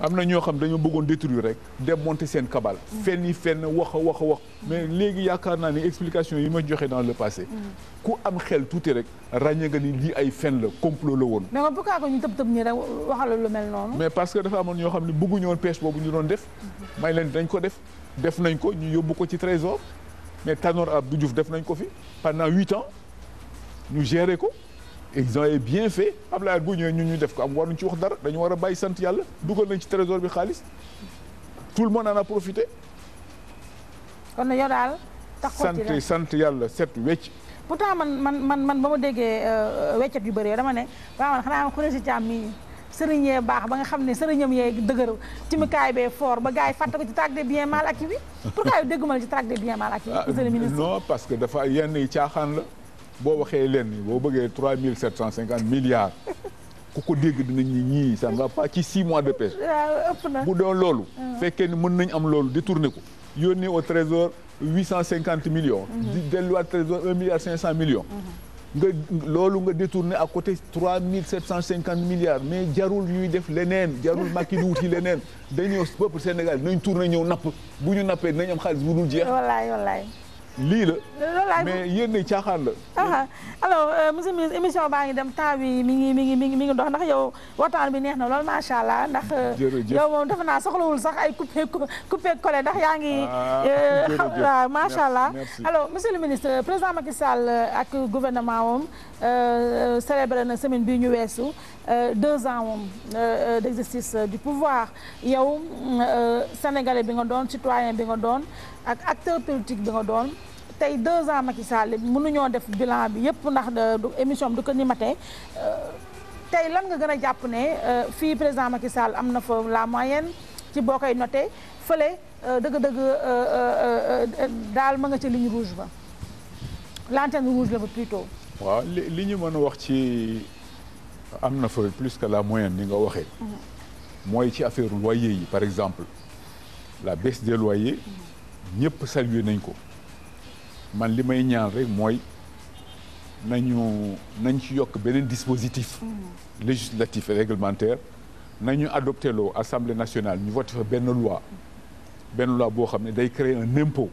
am na ñoo xam dañoo bëggoon détruire rek démonter seen kabal. fenn yi fenn wax a wax a wax. mais léegi yaakaar naa ni explication yi ma joxe dans le passé. ku am xel tuuti rek ràññee nga ni lii ay fen la complot la woon. mais man pourquoi ko ñu tëb tëb ñi rek waxal lu mel mais parce que dafa amoon ñoo xam ne bëgguñu woon pêche boobu ñu doon def. may leen dañ ko def def nañ ko ñu yóbbu ko ci trésor mais ab Abdou Diouf def nañ ko fi pendant huit ans ñu géré ko. ils ont bien fait Abdoulaye bu ñu ñu def ko am waruñ ci wax dara dañu war a bàyyi sant yàlla dugal nañ ci trésor bi xaalis tout le monde en a profité. kon yow daal. sant sant yàlla set wecc. pourtant man man man man ba ma déggee euh, weccet yu bëri dama ne waaw man xanaa xure si yee baax ba nga xam ne sëriñam yee dëgër timikaay bee fort ba gars yi fàtte ko ci traque des biens mal acquis bi pourquoi yow dégguma la ci traque des biens mal acquis. monsieur le ah, non parce que dafa yenn yi caaxaan la. boo waxee leen boo bëggee trois mille sept cent cinquante milliards ku ko dégg dinañ ni ñii sa ne va pas ci six mois de paix. ëpp na bu doon loolu. Hmm. fekkee ni mën nañ am loolu détourné ko. yónnee au trésor huit cent cinquante millions. Hmm. di delluwaat trésor un milliard cinq cent millions. Hmm. nga loolu nga détourné à côté trois mille sept cent cinquante milliards mais jarul ñuy def leneen jarul Macky di wuti leneen dañoo peuple Sénégal nañ tourné ñëw napp bu ñu nappee dinañ am xaalis bu dul jeex. wallaay wallaay. lii la mais yéen ne caaxaan la. Ah, alors euh, monsieur le ministre émission baa ngi dem temps bi mi ngi mi ngi mi ngi mi ngi dox ndax yow waxtaan bi neex na lool macha allah ndax. Euh, yow moom defe naa soxlawul sax ay coupé coupé collé ndax yaa ngi. Ah, euh, waaw macha allah alors monsieur le ministre président Macky Sall ak gouvernement am Euh, euh, célébré na semaine bii ñu weesu euh, deux ans moom d'exercice du pouvoir yow sénégalais bi nga doon citoyen bi nga doon ak acteur politique bi nga doon tey deux ans Macky Sall mënuñoo def bilan bi yëpp ndax du émission bi du ko ni mate tey lan nga gën a jàpp ne fii président Macky Sall am na fa la moyenne ci boo koy noté fële dëgg-dëgg daal ma nga ci ligne rouge ba lanterne rouge la ba plutôt waaw li li ñu mën a wax ci am na fa plus que la moyenne ni nga waxee. Mhm. mooy ci affaire loyer yi par exemple la baisse des loyers mhm. ñëpp saluer nañ ko man li may ñaan rek mooy nañu nañ ci yokk beneen dispositif. Mhm. législatif et réglementaire nañu adopté loo assemblée nationale ñu voté fa benn loi benn loi boo xam ne day créer un impôt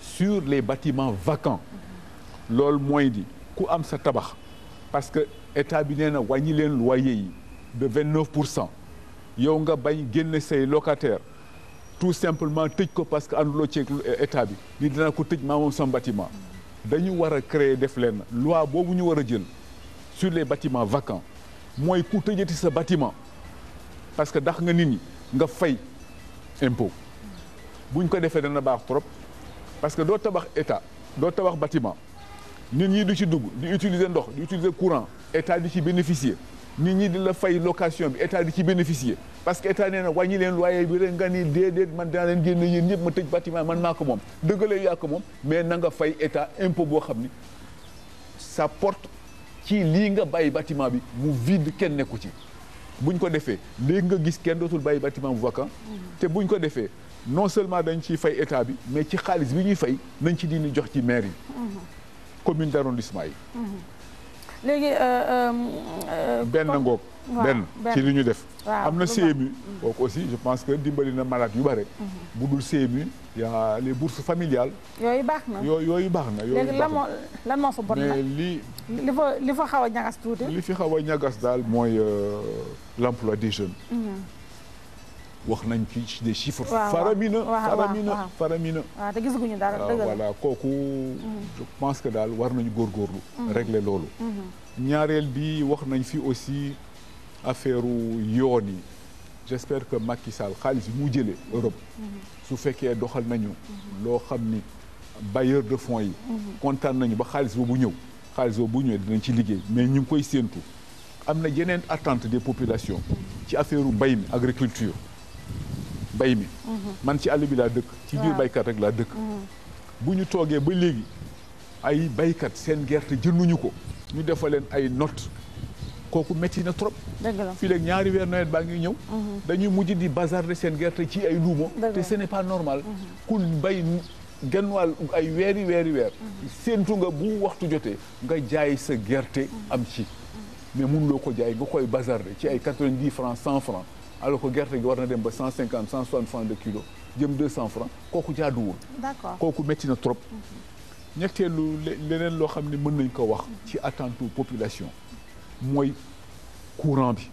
sur les bâtiments vacants. loolu mooy di ku am sa tabax parce que état bi nee na wàññi leen loyer de vingt neuf pour cent yow nga bañ génne say locataire tout simplement tëj ko parce que ànduloo ci état bi ni dina ko tëj maa sam batiment bâtiment dañu war a créer def leen loi boobu ñu war a jël sur les batiment vacants mooy ku tëjati sa batiment parce que dax nga nit ñi nga fay impôt buñ ko defee dana baax trop parce que doo tabax état doo tabax batiment nit ñi du ci dugg di utiliser ndox di utiliser courant état di ci bénéficier nit ñi di la fay location bi état di ci bénéficier parce que état nee na wàññi leen loyer bi rek nga ni déedéet man dinaa génn génne yéen ñëpp ma tëj bâtiment man maa ko moom dëggalee yaa ko moom mais na nga fay état impôt boo xam ni ça porte ci lii nga bàyyi bâtiment bi mu vide kenn nekku ci buñ ko defee léegi nga gis kenn dootul bàyyi bâtiment bu vacant mm-hmm. te buñ ko defee non seulement dañ ciy fay état bi mais ci xaalis bi ñuy fay nañ ci dini jox ci maire yi mm-hmm. commune d' arrondissement yi. Mm-hmm. léegi. Euh, euh, euh, benn ngoog. benn ci li ñu def. am na CMU. Mm-hmm. kooku aussi je pense que dimbali na malaat yu bare. Mm-hmm. bu dul CMU y' a les bourses familiales. yooyu baax na yooyu baax na. léegi lan moo lan moo fa bon mais li li fa li fa xaw a ñagas tuuti. li fi xaw a ñagas daal mooy l' emploi des jeunes. wax nañ ci des chiffres. faramineux faramineux faramineux waaw te gisaguñu dara ah, dëgg la voilà kooku. Mm-hmm. je pense que daal war nañu góor góorgóorlu. Mm-hmm. régler loolu. Mm-hmm. ñaareel bi wax nañ fi aussi affaire yoon yi. j'espère que Macky Sall xaalis mu jëlee Europe. su fekkee doxal nañu. loo xam ni bailleur de fonds yi. kontaan nañu ba xaalis boobu ñëw. xaalis bu ñëwee dinañ ci liggéey mais ñu ngi koy séentu am na yeneen attente des populations. ci affaire mbay agriculture. bay mi mhm. man ci àll bi laa dëkk ci biir baykat rek laa dëkk mhm. bu ñu toogee ba léegi ay baykat seen gerte jënduñu ko ñu defal leen ay notes kooku metti na trop fii léegi ñaari weer nawet baa ngi ñëw mhm. dañuy mujj di bazarde seen gerte ci ay luumo te ce n'est pas normal ku bay genn wàll ay weeri weeri weer séentu nga bu waxtu jotee nga jaay sa gerte am ci mais loo ko jaay nga koy bazarde ci ay quatre-vingt-dix francs cent francs alors que gerte gi war na dem ba cent cinquante cent soixante francs de kilo jëm deux cent francs kooku jaaduwul. d'accord kooku métti na trop. Mhm. ñetteelu leneen loo xam ne mën nañ ko wax. ci attente population. mooy courant bi.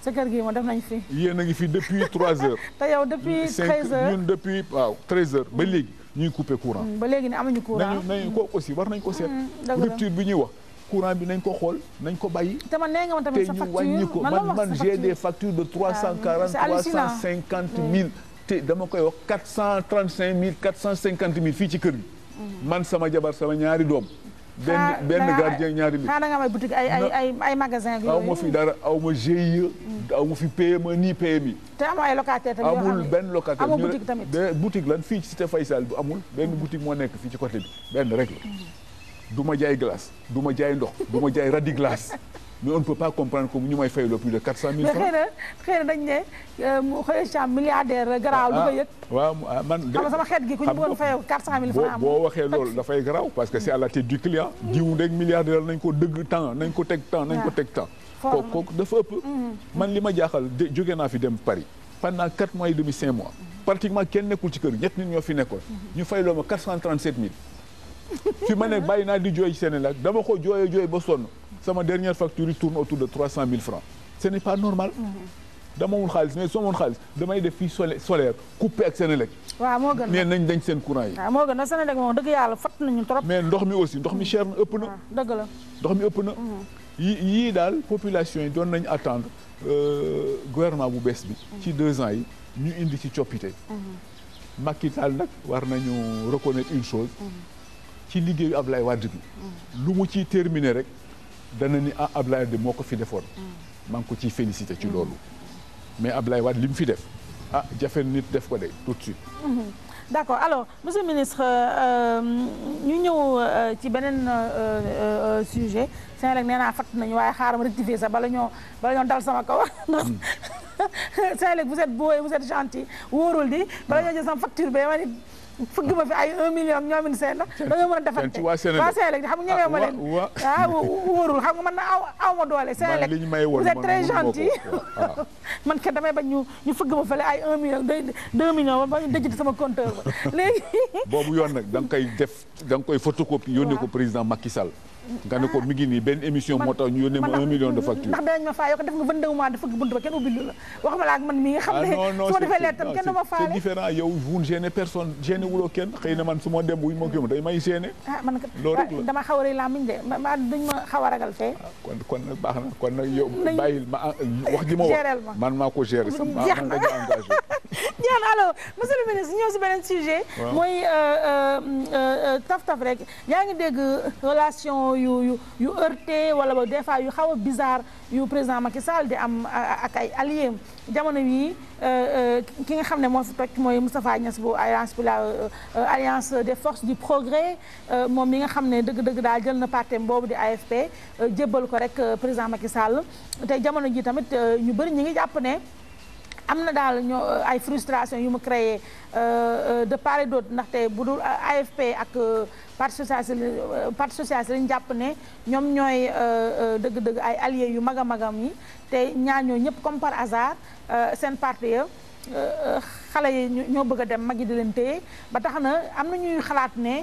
sa kër gi moom def nañ fi. yéen a ngi fi depuis trois heures. [laughs] te yow depuis treize heures ñun depuis waaw ba léegi ñuy coupé courant. Mm, ba léegi ne amuñu courant nañu nañu ko aussi war nañ ko seet. Mm, rupture bi ñuy wax. courant bi nañ ko xool nañ ko bay te ma nee nga man tamit te ñu wàññi ko man man j'ai des factures de trois cent ah, quarante trois cent cinquante mille. te dama koy wax quatre cent trente cinq mille quatre cent cinquante mille fii ci kër gi. Mm-hmm. man sama jabar sama ñaari doom. benn benn gardien ñaari nit. xaaral nga may ay ay magasin aw ma fi dara aw ma GIE. Mm. aw ma fi PME nii PMI. te amul ay locataire tamit amul benn locataire amul boutique tamit. boutique lan fii ci Cité Faye Sall bu amul benn boutique moo nekk fii ci côté bi benn rek du ma jaay glace du ma jaay ndox du ma jaay radi glace mais on ne peut pas comprendre que ñu may fay loo plus de 400000 francs. xëy na xëy na dañ ne euh, mu xëy na euh, ah, ah, ah, man boo waxee loolu dafay garaaw parce que c'est à la tête du client. Mm-hmm. diw rek milliardaire nañ ko dëgg temps nañ ko teg temps nañ ko mm-hmm. man li ma jaaxal jóge naa fi dem Paris. pendant 4 mois et demi 5 mois. Mm-hmm. pratiquement kenn nekkul ci kër ñett nit ñoo fi nekkoon. ñu fay loo ma 437000. fi ma ne bàyyi naa di jooy Sénégal dama ko jooyee jooy ba sonn sama dernière facture yi tourne autour de trois cent mille francs ce n'est pas normal dama woon xaalis mais soo woon xaalis damay def fii solaire solaire coupé ak Senelec. waaw moo gën nañ dañ seen courant yi. waaw moo gën nag Senelec moom dëgg mais ndox mi aussi ndox mi cher na ëpp na. Ah, dëgg la ndox mi ëpp na. Mhm. yi yii daal population yi doon nañ attendre euh, gouvernement bu bees bi. ci deux ans yi ñu indi ci coppite. Mhm. Macky Sall nag war nañu reconnaître une chose. Mhm. ci liggéeyu Ablaye Wade bi lu mu ciy terminer rek dana ni ah Ablaye Wade moo ko fi defoon maa ko ciy félicité ci loolu mais Ablaye Wade li mu fi def a ah, jafe nit def ko de tout de suite mhm. d'accord alo monsieur le ministre euh, ñu ñëw euh, ci beneen euh, sujet seen rek nee naa fatt nañu waaye xaaram rectifier sax bala ñoo bala ñoo dal sama kaw [laughs] ndax hmm. seen [laughs] rek vous êtes beau et vous êtes gentil wóorul di bala ñoo jël sama facture ba ma ni fëgg ma fi ay 1 million ñoomin seen la dañoo mën a defante waa Sénégal xam nga ñëwee ah, ma leen waaw ah, wóorul xam nga man na aw aw ma doole Sénégal vous êtes très gentil ah. [laughs] man kat damay bañ ñu ñu fëgg ma fële ay 1 million 2 million ba ñu dëjati sama compteur ba [laughs] léegi boobu yoon nag da nga koy def da nga koy photocopie yónnee ko président Macky Sall nga ne ko mi ngi nii benn émission moo tax ñu yónnee ma un million de facture ndax danañ ma faa yokk def nga vingt-deux mois dafa bunt ba kenn ubbi lu la wax ma la ak man mi nga xam ah, ne su ma defee lettre kenn du ma faale c'est différent yow vous ne gênez personne gêné wuloo kenn xëy na man su ma dem buñ ma kii ma day may gêné ah man loolu rek ah, la dama xaw a rëy làmmiñ de ma duñ ma xaw a ragal fee ah, kon kon nag baax na kon nag yow bàyyil ma wax ji ma wax man maa ko géré sax maa nga ñu engagé [laughs] jeex na alors monsieur le ministre ñëw si beneen sujet mooy euh, euh, euh, taf taf rek yaa ngi dégg relation yu yu yu heurté wala ba des fois yu xaw a bizarre yu président Macky Sall di am ak ay alliés jamono yi euh, euh, ki nga xam ne moo fi toj mooy Moustapha Niass bu alliance pour la euh, alliance des forces du progrès moom mi nga xam ne dëgg-dëgg daal jël na partem boobu di AFP jébbal ko rek président Macky Sall te jamono ji tamit ñu bëri ñu ngi jàpp ne am na daal ñoo euh, ay frustration yu mu créé euh, euh, de part d'autre ndaxte bu dul AFP ak parti socialiste parti socialiste jàpp ne ñoom ñooy dëgg-dëgg ay alliés yu mag a magam yi te ñaar ñoo ñëpp comme par hasard seen parti ya xale yi ñoo bëgg a dem mag yi di leen téye ba tax na am na ñuy xalaat ne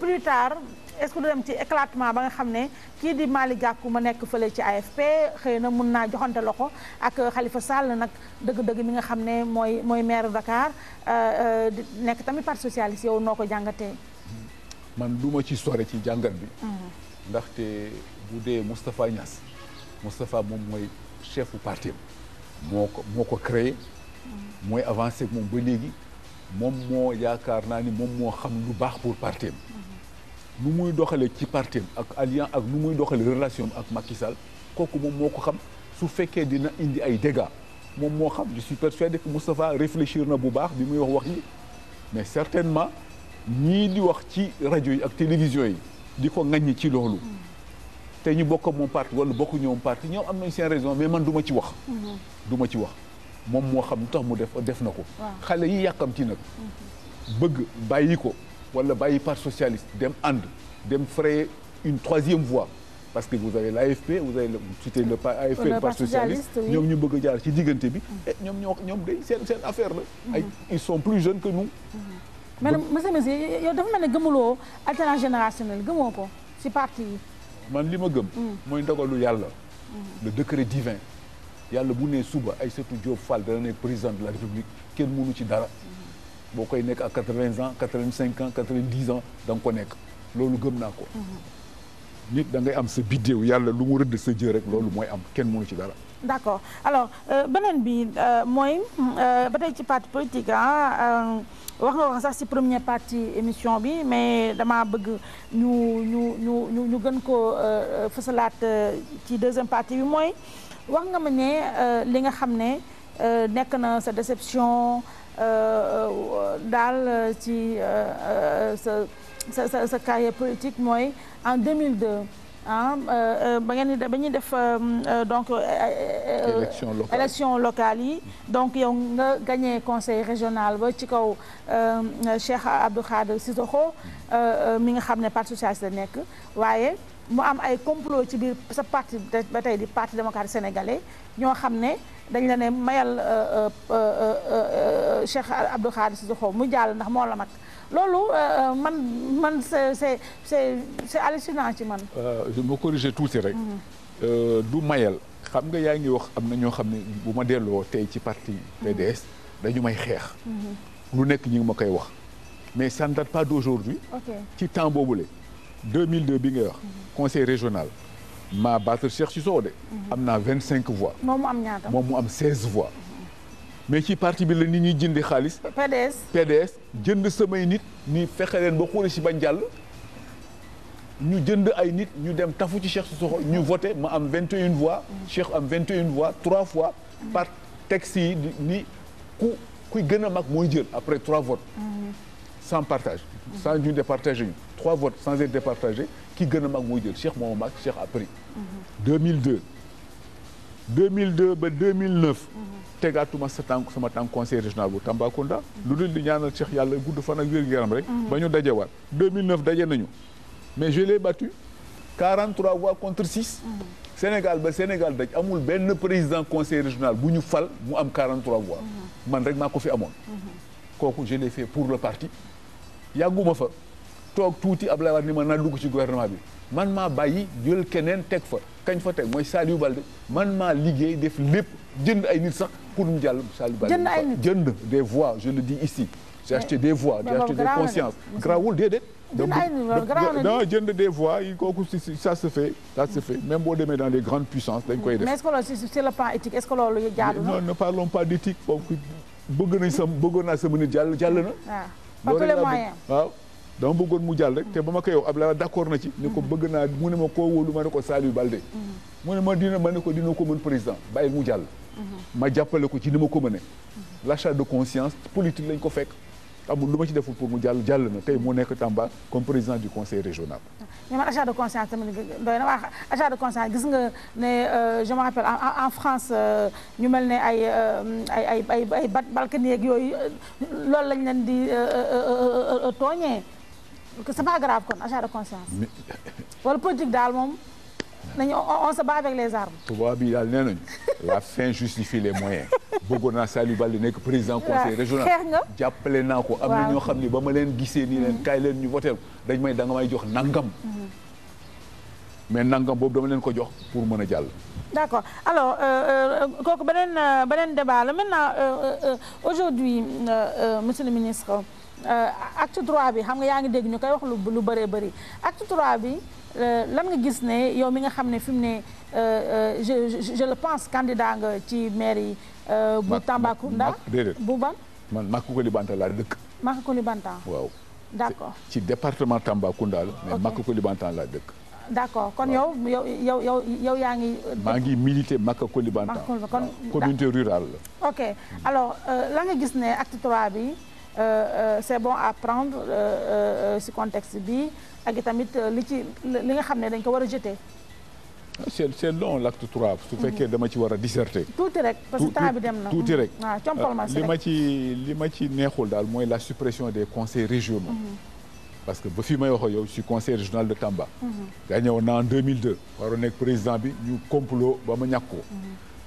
plus tard est-ce que du dem ci éclatement ba nga xam ne kii di Malick gàkku ma nekk fële ci AFP xëy na mun naa joxante loxo ak xalifa sàll nag dëgg-dëgg mi nga xam ne mooy mooy maire Dakar euh, euh, nekk tamit parti socialiste yow noo ko jàngatee. man duma ci sore ci jàngat bi. Mhm. ndaxte bu dee Moustapha Niass Moustapha moom mooy chefu parti moo ko moo mhm. mooy avancé moom ba léegi moom moo yaakaar naa ni moom moo xam lu baax pour parti nu muy doxalee ci parti ak alliance ak nu muy doxalee relation ak Macky Sall kooku moom moo ko xam su fekkee dina indi ay dégâts moom moo xam je suis persuadé que Moustapha na bu baax bi muy wax wax yi mais certainement ñii di wax ci rajo yi ak télévision yi di ko ŋaññi ci loolu. te ñu bokk moom parti wala bokk ñoom parti ñoom am nañ seen raison mais man duma ci wax. du ci wax moom moo xam lu tax mu def def na ko. xale yi yàkkamti nag. bëgg bàyyi ko. wala bàyyi parti socialiste dem ànd dem frayer une troisième voie parce que vous avez l'AFP vous avez cité le AFP le parti socialiste ñoom ñu bëgg a jaar ci diggante bi mm-hmm. et eh, ñoom ñoo seen seen affaire la mm-hmm. ay ils sont plus jeunes que nous mm-hmm. madame monsieur monsieur yow dafa mel ne gëmuloo alternance générationnelle gëmoo ko ci parti man li ma gëm mm. mooy ndogalu yàlla le décret divin yàlla bu ne suba Aïssatou Diop Fall dana ne président de la République kenn mënu ci dara boo koy nekk ak quatre-vingts ans quatre-vingt-cinq ans quatre-vingt-dix ans da ko nekk loolu gëm naa ko. Mhm. nit da ngay am sa biddéew yàlla lu mu rëdd sa jë rek loolu mooy am kenn mënu ci dara. d' accord alors euh, beneen bi euh, mooy euh, ba tey ci parti politique ah wax nga wax sax si première partie émission bi mais dama bëgg ñu ñu ñu ñu ñu gën ko fësalaat ci deuxième partie bi mooy wax nga ma ne li nga xam ne nekk na sa déception. Euh, euh, daal euh, ci sa sa sa sa carrière politique mooy en 2002 ah ba ngeen di ba ñuy def donc. élection locale élection locale yi. donc yow nga gagné conseil régional ba ci kaw Cheikh Abdou Khadre Sissoko Euh, euh, mi nga xam ne parti socialiste nekk waaye mu am ay complot ci biir sa parti ba tey di parti démocratique sénégalais ñoo xam ne dañ la ne mayal euh, Cheikh Abdou Khadre Sissoko mu jàll ndax moo la mag loolu man man c'est c'est c'est hallucinant ci man. ma corriger tuuti rek. Mm-hmm. du mayal xam nga yaa ngi wax am na ñoo xam ne bu ma delloo tey ci parti mm-hmm. PDS dañu may xeex. Mm-hmm. lu nekk ñi ma koy wax. mais ça ne date pas d'aujourd'hui ci temps boobule 2002 bi ngay wax conseil régional ma battre ci Cissokho de mhm. am naa vingt cinq voix moom mu am ñaata moom mu am seize voix mais ci parti bi la nit ñuy jëndi xaalis PDS PDS jënd samay nit nii fexe leen ba xuuri si ba njàll ñu jënd ay nit ñu dem tafu ci Cheikh Cissokho ñu voté ma am vingt une voix mhm. Cheikh am vingt et une voix trois fois mhm. par texte yi ni ku kuy gën a mag mooy jël après trois votes sans partage sans ñu départagé ñu trois votes sans être départagé ki gën a mag mooy jël Cheikh mooma mag Cheikh a pris 2002 mhm. 2002 ba 2009 tegaatuma sa tànk sama tànk conseil régional bu Tambacounda mhm. lu dul di ñaanal Cheikh yàlla gudd fan ak wér-gu-yaram rek mhm. ba ñu dajewaat 2009 daje nañu mais je l'ai battu 43 voix contre 6 Sénégal ba Sénégal daj amul benn président conseil régional bu ñu fal mu am 43 voix man rek maa ko fi amoon kooku je l'ai pour le parti yàgguma fa toog tuuti la Wade ni ma naa dugg ci gouvernement bi man maa bàyyi jël keneen teg fa kañ fa teg mooy Saliou Balde man maa liggéey def lépp jënd ay nit sax pour mu jàll Saliou Balde jënd des voix je le dis ici j'ai acheté des voix j'ai acheté des consciences grawul déedéet non jënd des voix yi kooku si ça se fait ça se fait même boo demee dans les grandes puissances loolu sur na non ne parlons pas bëgg nañ sama bëggoon jàll na ah. par tous les moyens dama bëggoon mu jàll rek te ba ma ko yow Abdoulaye d'accord na ci. ni ko bëgg naa mu ne ma koo wóolu ma ne ko Saliou Balde. Mhm. mu ne ma dina ma ne ko dina ko mën président bay mu jàll. Mhm. ma jàppale ko ci ni ma ko mënee. l'achat de conscience politique lañ ko fekk. amul lu ma ci deful pour mu jàll jàll na tey moo nekk Tamba comme président du conseil régional. ñoom achat de conscience tamit doy na wax achat de conscience gis nga ne euh, je me rappelle en France euh, ñu mel ne ay euh, ay ay ay ay Balkany ak yooyu loolu lañ leen di tooñee c'est pas grave kon achat de conscience. wala politique daal moom. nañu on se bat avec les armes. tubaab yi daal nee nañu. [laughs] la fin justifie les moyens. bëggoon naa Saliou Baldé nekk président conseil régional jàppale ko am na ñoo xam ni ba ma leen gisee nii leen mhm. kaay leen ñu voté dañ may da nga may jox nangam. Mhm. mais nangam boobu dama leen ko jox pour mën a jàll. d'accord alors euh, euh, kooku beneen euh, beneen débat la maintenant aujourd'hui monsieur le ministre. Euh, acte trois bi xam nga yaa ngi dégg ñu koy wax lu lu bëree bëri acte trois bi euh, lan nga gis ne yow mi nga xam ne fi mu ne euh, je je le pense candidat nga ci mairie bu Tambacounda bu ban man Makukuli Banta laa dëkk Makukuli Banta waaw d'accord ci département Tambacounda la mais Makukuli Banta laa dëkk d'accord kon yow yow yow yow yow yaa ngi. maa ngi milité Makakoli Banta. Makakoli Banta kon communauté ok alors la nga gis ne acte trois bi. Euh, euh, c'est bon à prendre euh, si contexte bi ak tamit li ci li nga xam ne dañ ko war a jeter. c'est c'est long l'acte trois su mhm. fekkee dama ci war a disserter. tuuti rek parce que temps bi dem na tuuti rek. Mhm. li ma ci li ma ci neexul daal mooy la suppression des conseils régionaux. Mhm. parce que ba fi may wax yow je suis conseiller régional de Tamba. gagné woon naa en 2002. waroon nekk président bi ñu complot ba ma ñàkk ko.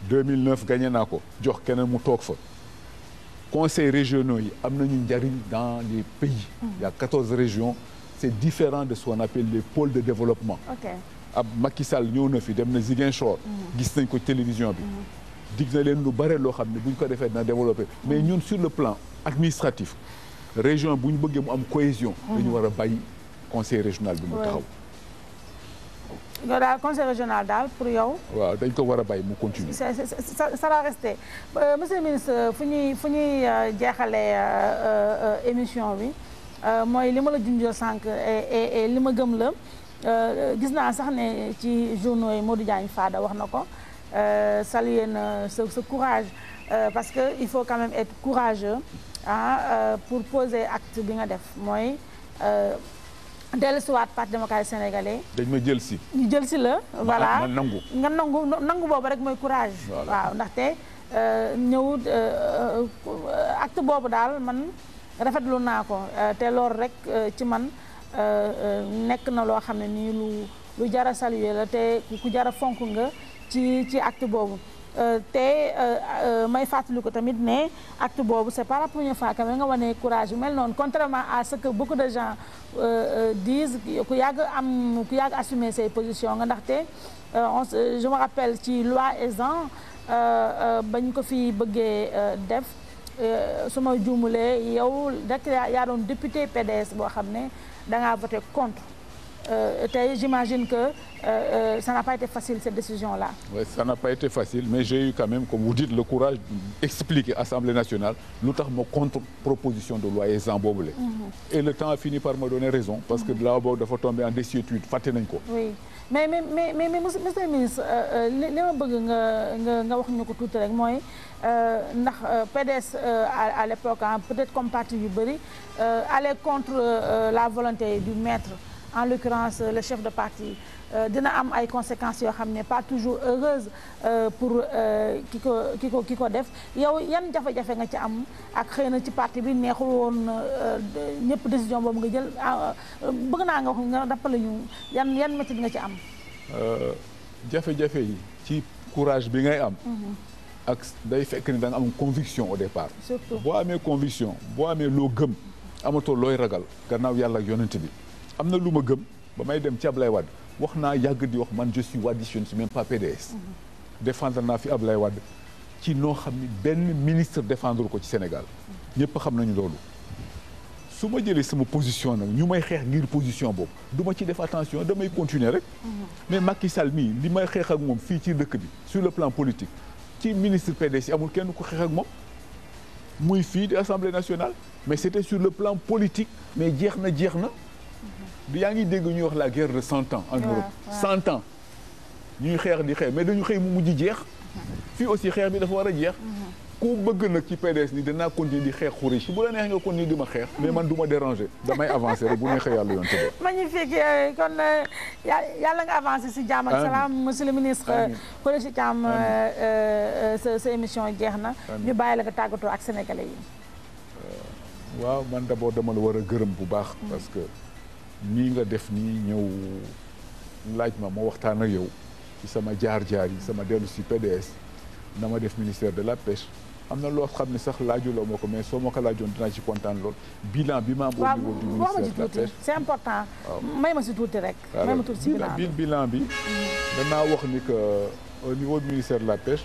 2009 gagné naa ko jox keneen mu toog fa. conseil régionaux yi am nañu njariñ dans les pays mhm. il quatorze régions c'est différent de ce qu'on appelle les pôles de développement ab Macky Sall ñëw na fi dem na Ziguinchor mhm. gis nañ ko télévision bi mhm. dig na leen lu bare loo xam ne bu ñu ko defee dina développé mais ñun sur le plan administratif région bu ñu bëggee mu am cohésion dañu war a bàyyi conseil régional bi mu taxaw yow daal conseil régional daal pour yow. waaw dañ ko war a bàyyi mu continuer. ça ça va euh, monsieur ministre euh, fu ñuy fu ñuy euh, jeexalee émission bi mooy li ma la junjoo sànq et li ma gëm la gis naa sax ne ci journaux yi Modou Diagne Fada wax na ko saluer na sa courage parce que il faut quand même être courageux pour poser acte bi nga def mooy. dellu si waat parti démocratique sénégalais. dañ ma jël si. ñu jël si la. voilà ma nangu. nga nangu nangu boobu rek mooy courage. waaw ndaxte euh, ñëw euh, euh, acte boobu daal man rafetlu naa ko te lool rek ci man nekk na loo xam ne nii lu lu jar a saluer la te ku jar a fonk nga ci ci acte boobu. Euh, te euh, euh, may fàttali ko tamit ne actu boobu c'est pas la première fois quand nga wane courage yu mel noonu contrairement à ce que beaucoup de gens disent ku yàgg am ku yàgg assumer ses positions nga ndaxte on je me rappelle ci loi Ezzan bañ ko fi bëggee def suma ma juumulee yow rek yaa député PDS boo xam ne da ngaa voté contre Euh, tey j'imagine que euh, euh, ça n'a pas été facile cette décision-là. Oui, ça n'a pas été facile mais j'ai eu quand même comme vous dites le courage d'expliquer à l'Assemblée nationale lu tax ma contre-proposition de loi exan boobu la. et le temps a fini par me donner raison. parce que là boobu dafa tombé en désuétude fàtte nañ ko. mais mais mais mais monsieur le ministre bëgg nga nga nga wax ko tuuti rek mooy. ndax PDS à l'époque peut-être comme parti yu bëri aller contre la volonté du maître. en l'occurrence euh, le chef de parti euh, dina am ay conséquences yoo xam ne pas toujours heureuse euh, pour ki ko ki ko ki ko def yow yan jafe-jafe nga ci am ak xëy na ci parti bi neexul woon ñëpp décision boobu nga jël ah, bëgg naa nga wax nga rappale ñu yan yan métit nga ci am jafe-jafe yi ci courage bi ngay am mhm. ak day fekk ni da nga am conviction au départ surtout boo amee conviction boo amee loo gëm amatoo looy ragal gannaaw yàlla ak yonent bi am na lu ma gëm ba may dem ci Ablaye Wade wax naa yàgg di wax man je suis wadiste je ne suis même pas PDS. Mhm. défendre naa fi Ablaye Wade ci noo xam ni benn ministre défendre ko ci Sénégal. ñëpp xam nañu loolu. su ma jëlee sama position nag ñu may xeex ngir position boobu du ma ci def attention damay continuer rek. Mhm. mais Macky Sall mii li may xeex ak moom fii ci dëkk bi sur le plan politique ci ministre PDS amul kenn ku xeex ak moom. muy fii di assemblée nationale mais c'était sur le politique mais jeex na jeex na. yaa ngi dégg ñuy wax la guerre de cent ans en Europe cent ans ñuy xeex di xeex mais dañu xëy mu mujj jeex fii aussi xeex bi dafa war a jeex ko bëgg nag ci PDS ni dana continuer di xeex Khoureychi bu la neex nga continuer di ma xeex mais man du ma déranger damay avancer rek bu neexee yàlla yoon tëdd magnifique euh, kon euh, yàlla nga avancer si jàmm ak salaam monsieur le ministre Khoureychi euh, Thiam sa sa émission jeex na ñu bàyyi la nga tàggatoo ak sénégalais yi waaw man d'abord dama la war a gërëm bu baax mm. parce que nii nga def nii ñëw laaj ma ma waxtaan ak yow ci sama jaar-jaar sama dellu si PDS na ma def ministère de la pêche am na loo xam ne sax laajuloo ma ko mais soo ma ko laajoon dinaa ci kontaan lool bilan bi ma am au niveau du ministère de la bi bilan bi danaa wax ni que au niveau ministère de la pêche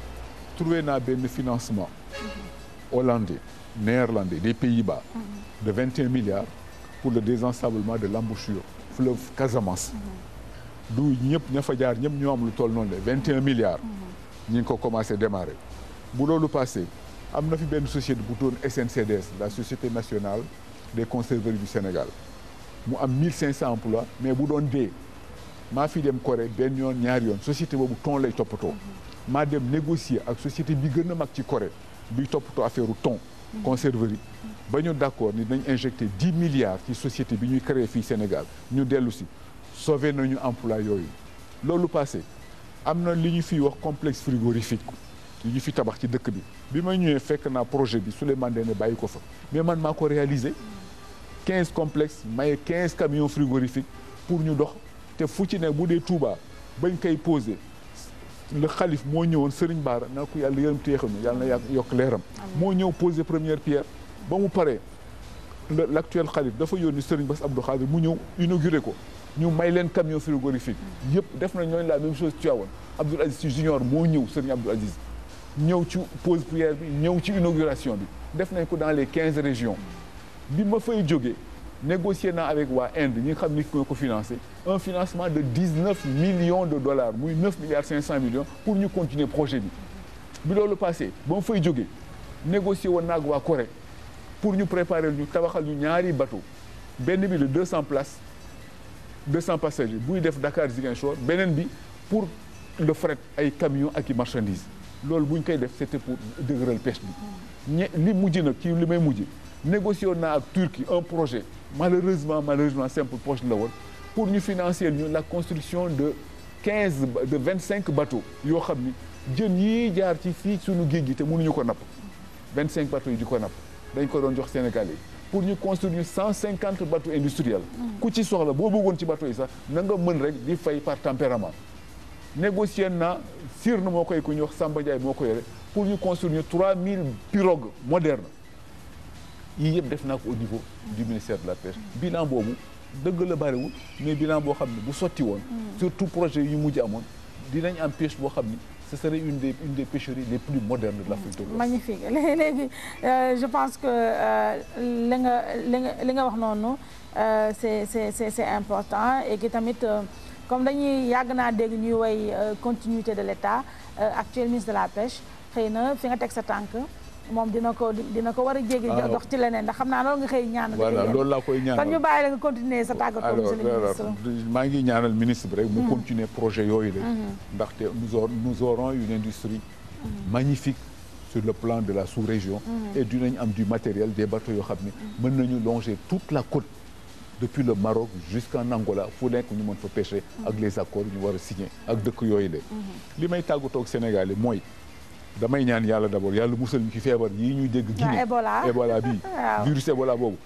trouver naa benn financement mm-hmm. hollandais néerlandais des Pays-Bas mm-hmm. de milliards pour le désensablement de l'embouchure fleuve Casamance. Mhm. du ñëpp ña fa jaar ñoo am lu toll noon le vingt et un milliards. Mhm. ñi ngi ko commencé démarrer. bu loolu passé am na fi benn société bu doon SNCDS la société national des conserveries du Sénégal mu am mille cinq cent emplois mais bu doon dee maa fi dem Corée benn yoon ñaari yoon société boobu ton lay toppatoo. Mhm. maa dem négocier ak société bi gën a mag ci Corée bi toppatoo affaire u ton conserverie ba ñu d'accord ni dañ injecté dix milliards ci société bi ñuy créé fii Sénégal ñu dellu si sauvé nañu emploi yooyu loolu passé am na li ñu fi wax complex frigorifique li ñu fi tabax ci dëkk bi bi ma ñëwee fekk naa projet bi Souleymane Ndéné bàyyi ko fa mais man maa ko réalisé quinze complexes maye quinze camions frigorifiques pour ñu dox te fu ci ne bu dee Touba bañ koy posé le xalif moo ñëwoon Serigne Bara naa ko yàlla yërëm téexanu yàlla na yàgg yokk leeram moo ñëw posé première pierre ba mu paree l' actuel xalif dafa yónni Serigne Bass Abdou Khadir mu ñëw inauguré ko ñu may leen camion frigorifique yëpp def na ñooñu la même chose Tivaouane Abdoul Aziz Sy junior moo ñëw Serigne Abdoul Aziz ñëw ci pose prière bi ñëw ci inauguration bi def nañ ko dans les quinze régions bi ma fay jógee négocier naa avec waa Inde ñi nga xam ni ñoo ko financé un financement de dix neuf millions de dollars muy neuf milliards cinq cent millions pour ñu continuer projet bi bi loolu passé ba ma fay jógee négocier woon naa waa Corée pour ñu préparer ñu tabaxal ñu ñaari bateau benn bi de 200 places 200 passagers buy def Dakar Ziguinchor beneen bi pour le fret ay camions ak i marchandises loolu bu ñu koy def c'était pour dëgëral pêche bi. ñe li mujj nag ki li may mujj négocié naa ak Turquie un projet malheureusement malheureusement simple projet la woon pour ñu financer ñu la construction de 15 de cinq bateaux yoo xam ni jën yii jaar ci fii suñu géej gi te mënuñu ko napp 25 bateaux yi di ko napp. dañ ko doon jox Sénégal yi pour ñu construire cent cinquante bateaux industriels ku ci soxla boo bëggoon ci bateau yi sax na nga mën rek di fay par tempérament négocier na sirne moo koy ku ñuy wax Samba moo ko yore pour ñu construire trois mille pirogues modernes yii yëpp def naa ko au niveau du ministère de la pêche bilan boobu dëgg la bariwul mais bilan boo xam ne bu sotti woon mm. surtout projet yu mujj amoon dinañ am pêche boo xam ni ce serait une des une des pêcheries les plus modernes de l'Afrique de l'Ouest. magnifique [laughs] léegi euh, je pense que euh, li nga li nga li nga wax noonu euh, c'est c'est c'est c'est important et que tamit comme dañuy yàgg naa dégg ñuy woy continuité de l'État actuel ministre de la pêche xëy na fi nga teg sa tànk. moom dina ko dina ko war a jéggi ah, dox ci leneen ndax xam naa loolu nga xëy ñaan voilà loolu laa koy ñaanal kon ñu bàyyi la nga continuer sa tàggatoo monsieur ministre maa ngi ñaanal ministre bi rek mu hmm. continuer projet yooyu la hmm. ndaxte nous nous aurons une industrie hmm. magnifique sur le plan de la sous-région et dinañ am du matériel des bateaux yoo xam ne mën nañu longer toute la côte depuis le Maroc jusqu'en Angola fu nekk ñu mën fa pêcher ak les accords ñu war a ak dëkk yooyu la li may tàggatoo ak Sénégal yi mooy damay ñaan yàlla d' yàlla musal ñu ci feebar yii ñuy dégg Guinée ah, Ebola bii [laughs] virus Ebola boobu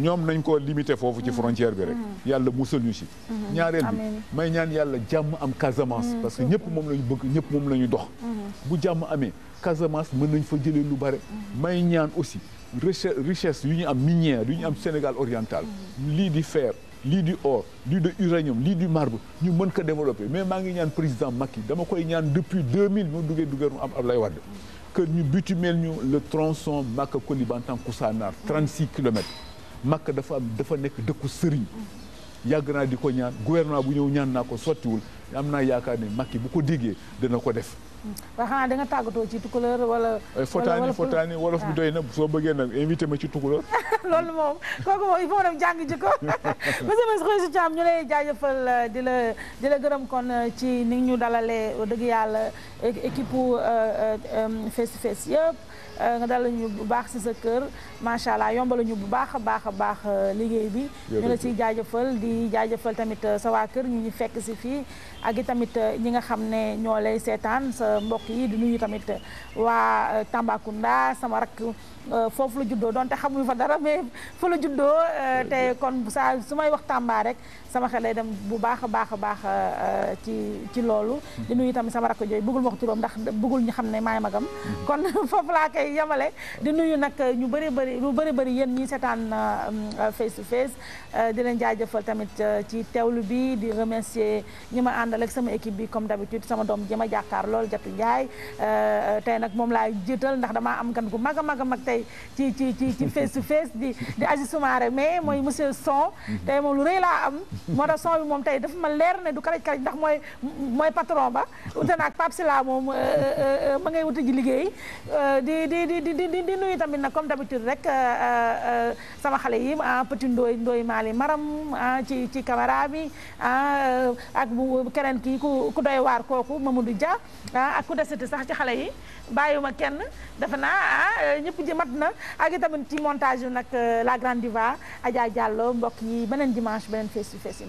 ñoom nañ ko limité foofu ci mm. frontière bi rek mm. yàlla musal ñu ci mm-hmm. ñaareel bi may ñaan yàlla jàmm am Casamance mm. parce que ñëpp moom lañu bëgg ñëpp moom la dox mm-hmm. bu jàmm amee Casamance mën nañ fa jëlee lu bare mm-hmm. may ñaan aussi richesse yu ñu am minière yu ñu am Sénégal oriental lii di fer lii di or lii di uranium lii di marbre ñu mën ko développer mais maa ngi ñaan président Macky dama koy ñaan depuis 2000 mu duggee duggee mu am Abdoulaye Wade que ñu bitumel ñu le tronçon Maka Koulibantang Koussanar 36 kilomètres Maka dafa am dafa nekk dëkku sëriñ yàgg naa di ko ñaan gouvernement bu ñëw ñaan naa ko sottiwul am naa yaakaar ne Macky bu ko diggee dina ko def waaye xanaa da nga tàggatoo ci tukulóor wala. fotaani fotaani wolof bi ah. doy na soo bëggee nag invité ma ci tukulóor. [laughs] loolu moom kooku moom il faut dem jàng ji ko monsieur [laughs] Youssou Thiam ñu lay jaajëfal euh, di la di la gërëm kon euh, ci ni ñu dalalee dëgg yàlla équipe euh, um, face to face yëpp nga dalal ñu bu baax si sa kër macha allah yombal ñu bu baax a baax a baax liggéey bi. ñu la ciy jaajëfal di jaajëfal tamit sa waa kër ñu ñu fekk si fii. ak i tamit ñi nga xam ne ñoo lay seetaan sa mbokk yi di nuyu tamit waa Tambacounda sama rakk foofu la juddoo donte xamuñu fa dara mais fa la juddoo. te kon sa su may wax Tamba rek. sama xel lay dem bu baax a baax a baax euh, euh, ci ci loolu hmm. di nuyu tamit sama rakk jooy bëggul wax turam ndax bëggul ñu xam ne maay magam hmm. kon [laughs] foofu laa koy yemale di nuyu nag ñu bëri bëri lu bëri bëri yéen ñi setaan euh, face to face di leen jaajëfal tamit ci teewlu bi di remercier ñi ma àndal ak sama équipe bi comme d'habitude sama doom ji ma jàkkaar lool jatu njaay tey nag moom laay jëtal ndax damaa am gan gu mag a mag a mag tey ci ci ci ci face to face di di Aziz Soumaré mais mooy monsieur Son hmm. am moo tax son bi moom tey dafa ma leer ne du karaj karaj ndax mooy mooy patron ba wute naag Pape Sila moom euh, euh, euh, ma ngay wuti ji liggéey di di di di di di nuyu tamit na comme d'habitude rek sama xale yi ah petit ndooy ndooy maali maram ah, ci ci camara bi ah ak bu keneen kii ku ku doy waar kooku Mamadou Dia ah ak ku desati sax ci xale yi ma kenn defe naa ah euh, ñëpp ji mat na ak itamit ci montage yu nag euh, la grande diva Adja Diallo mbokk yi beneen dimanche beneen face to face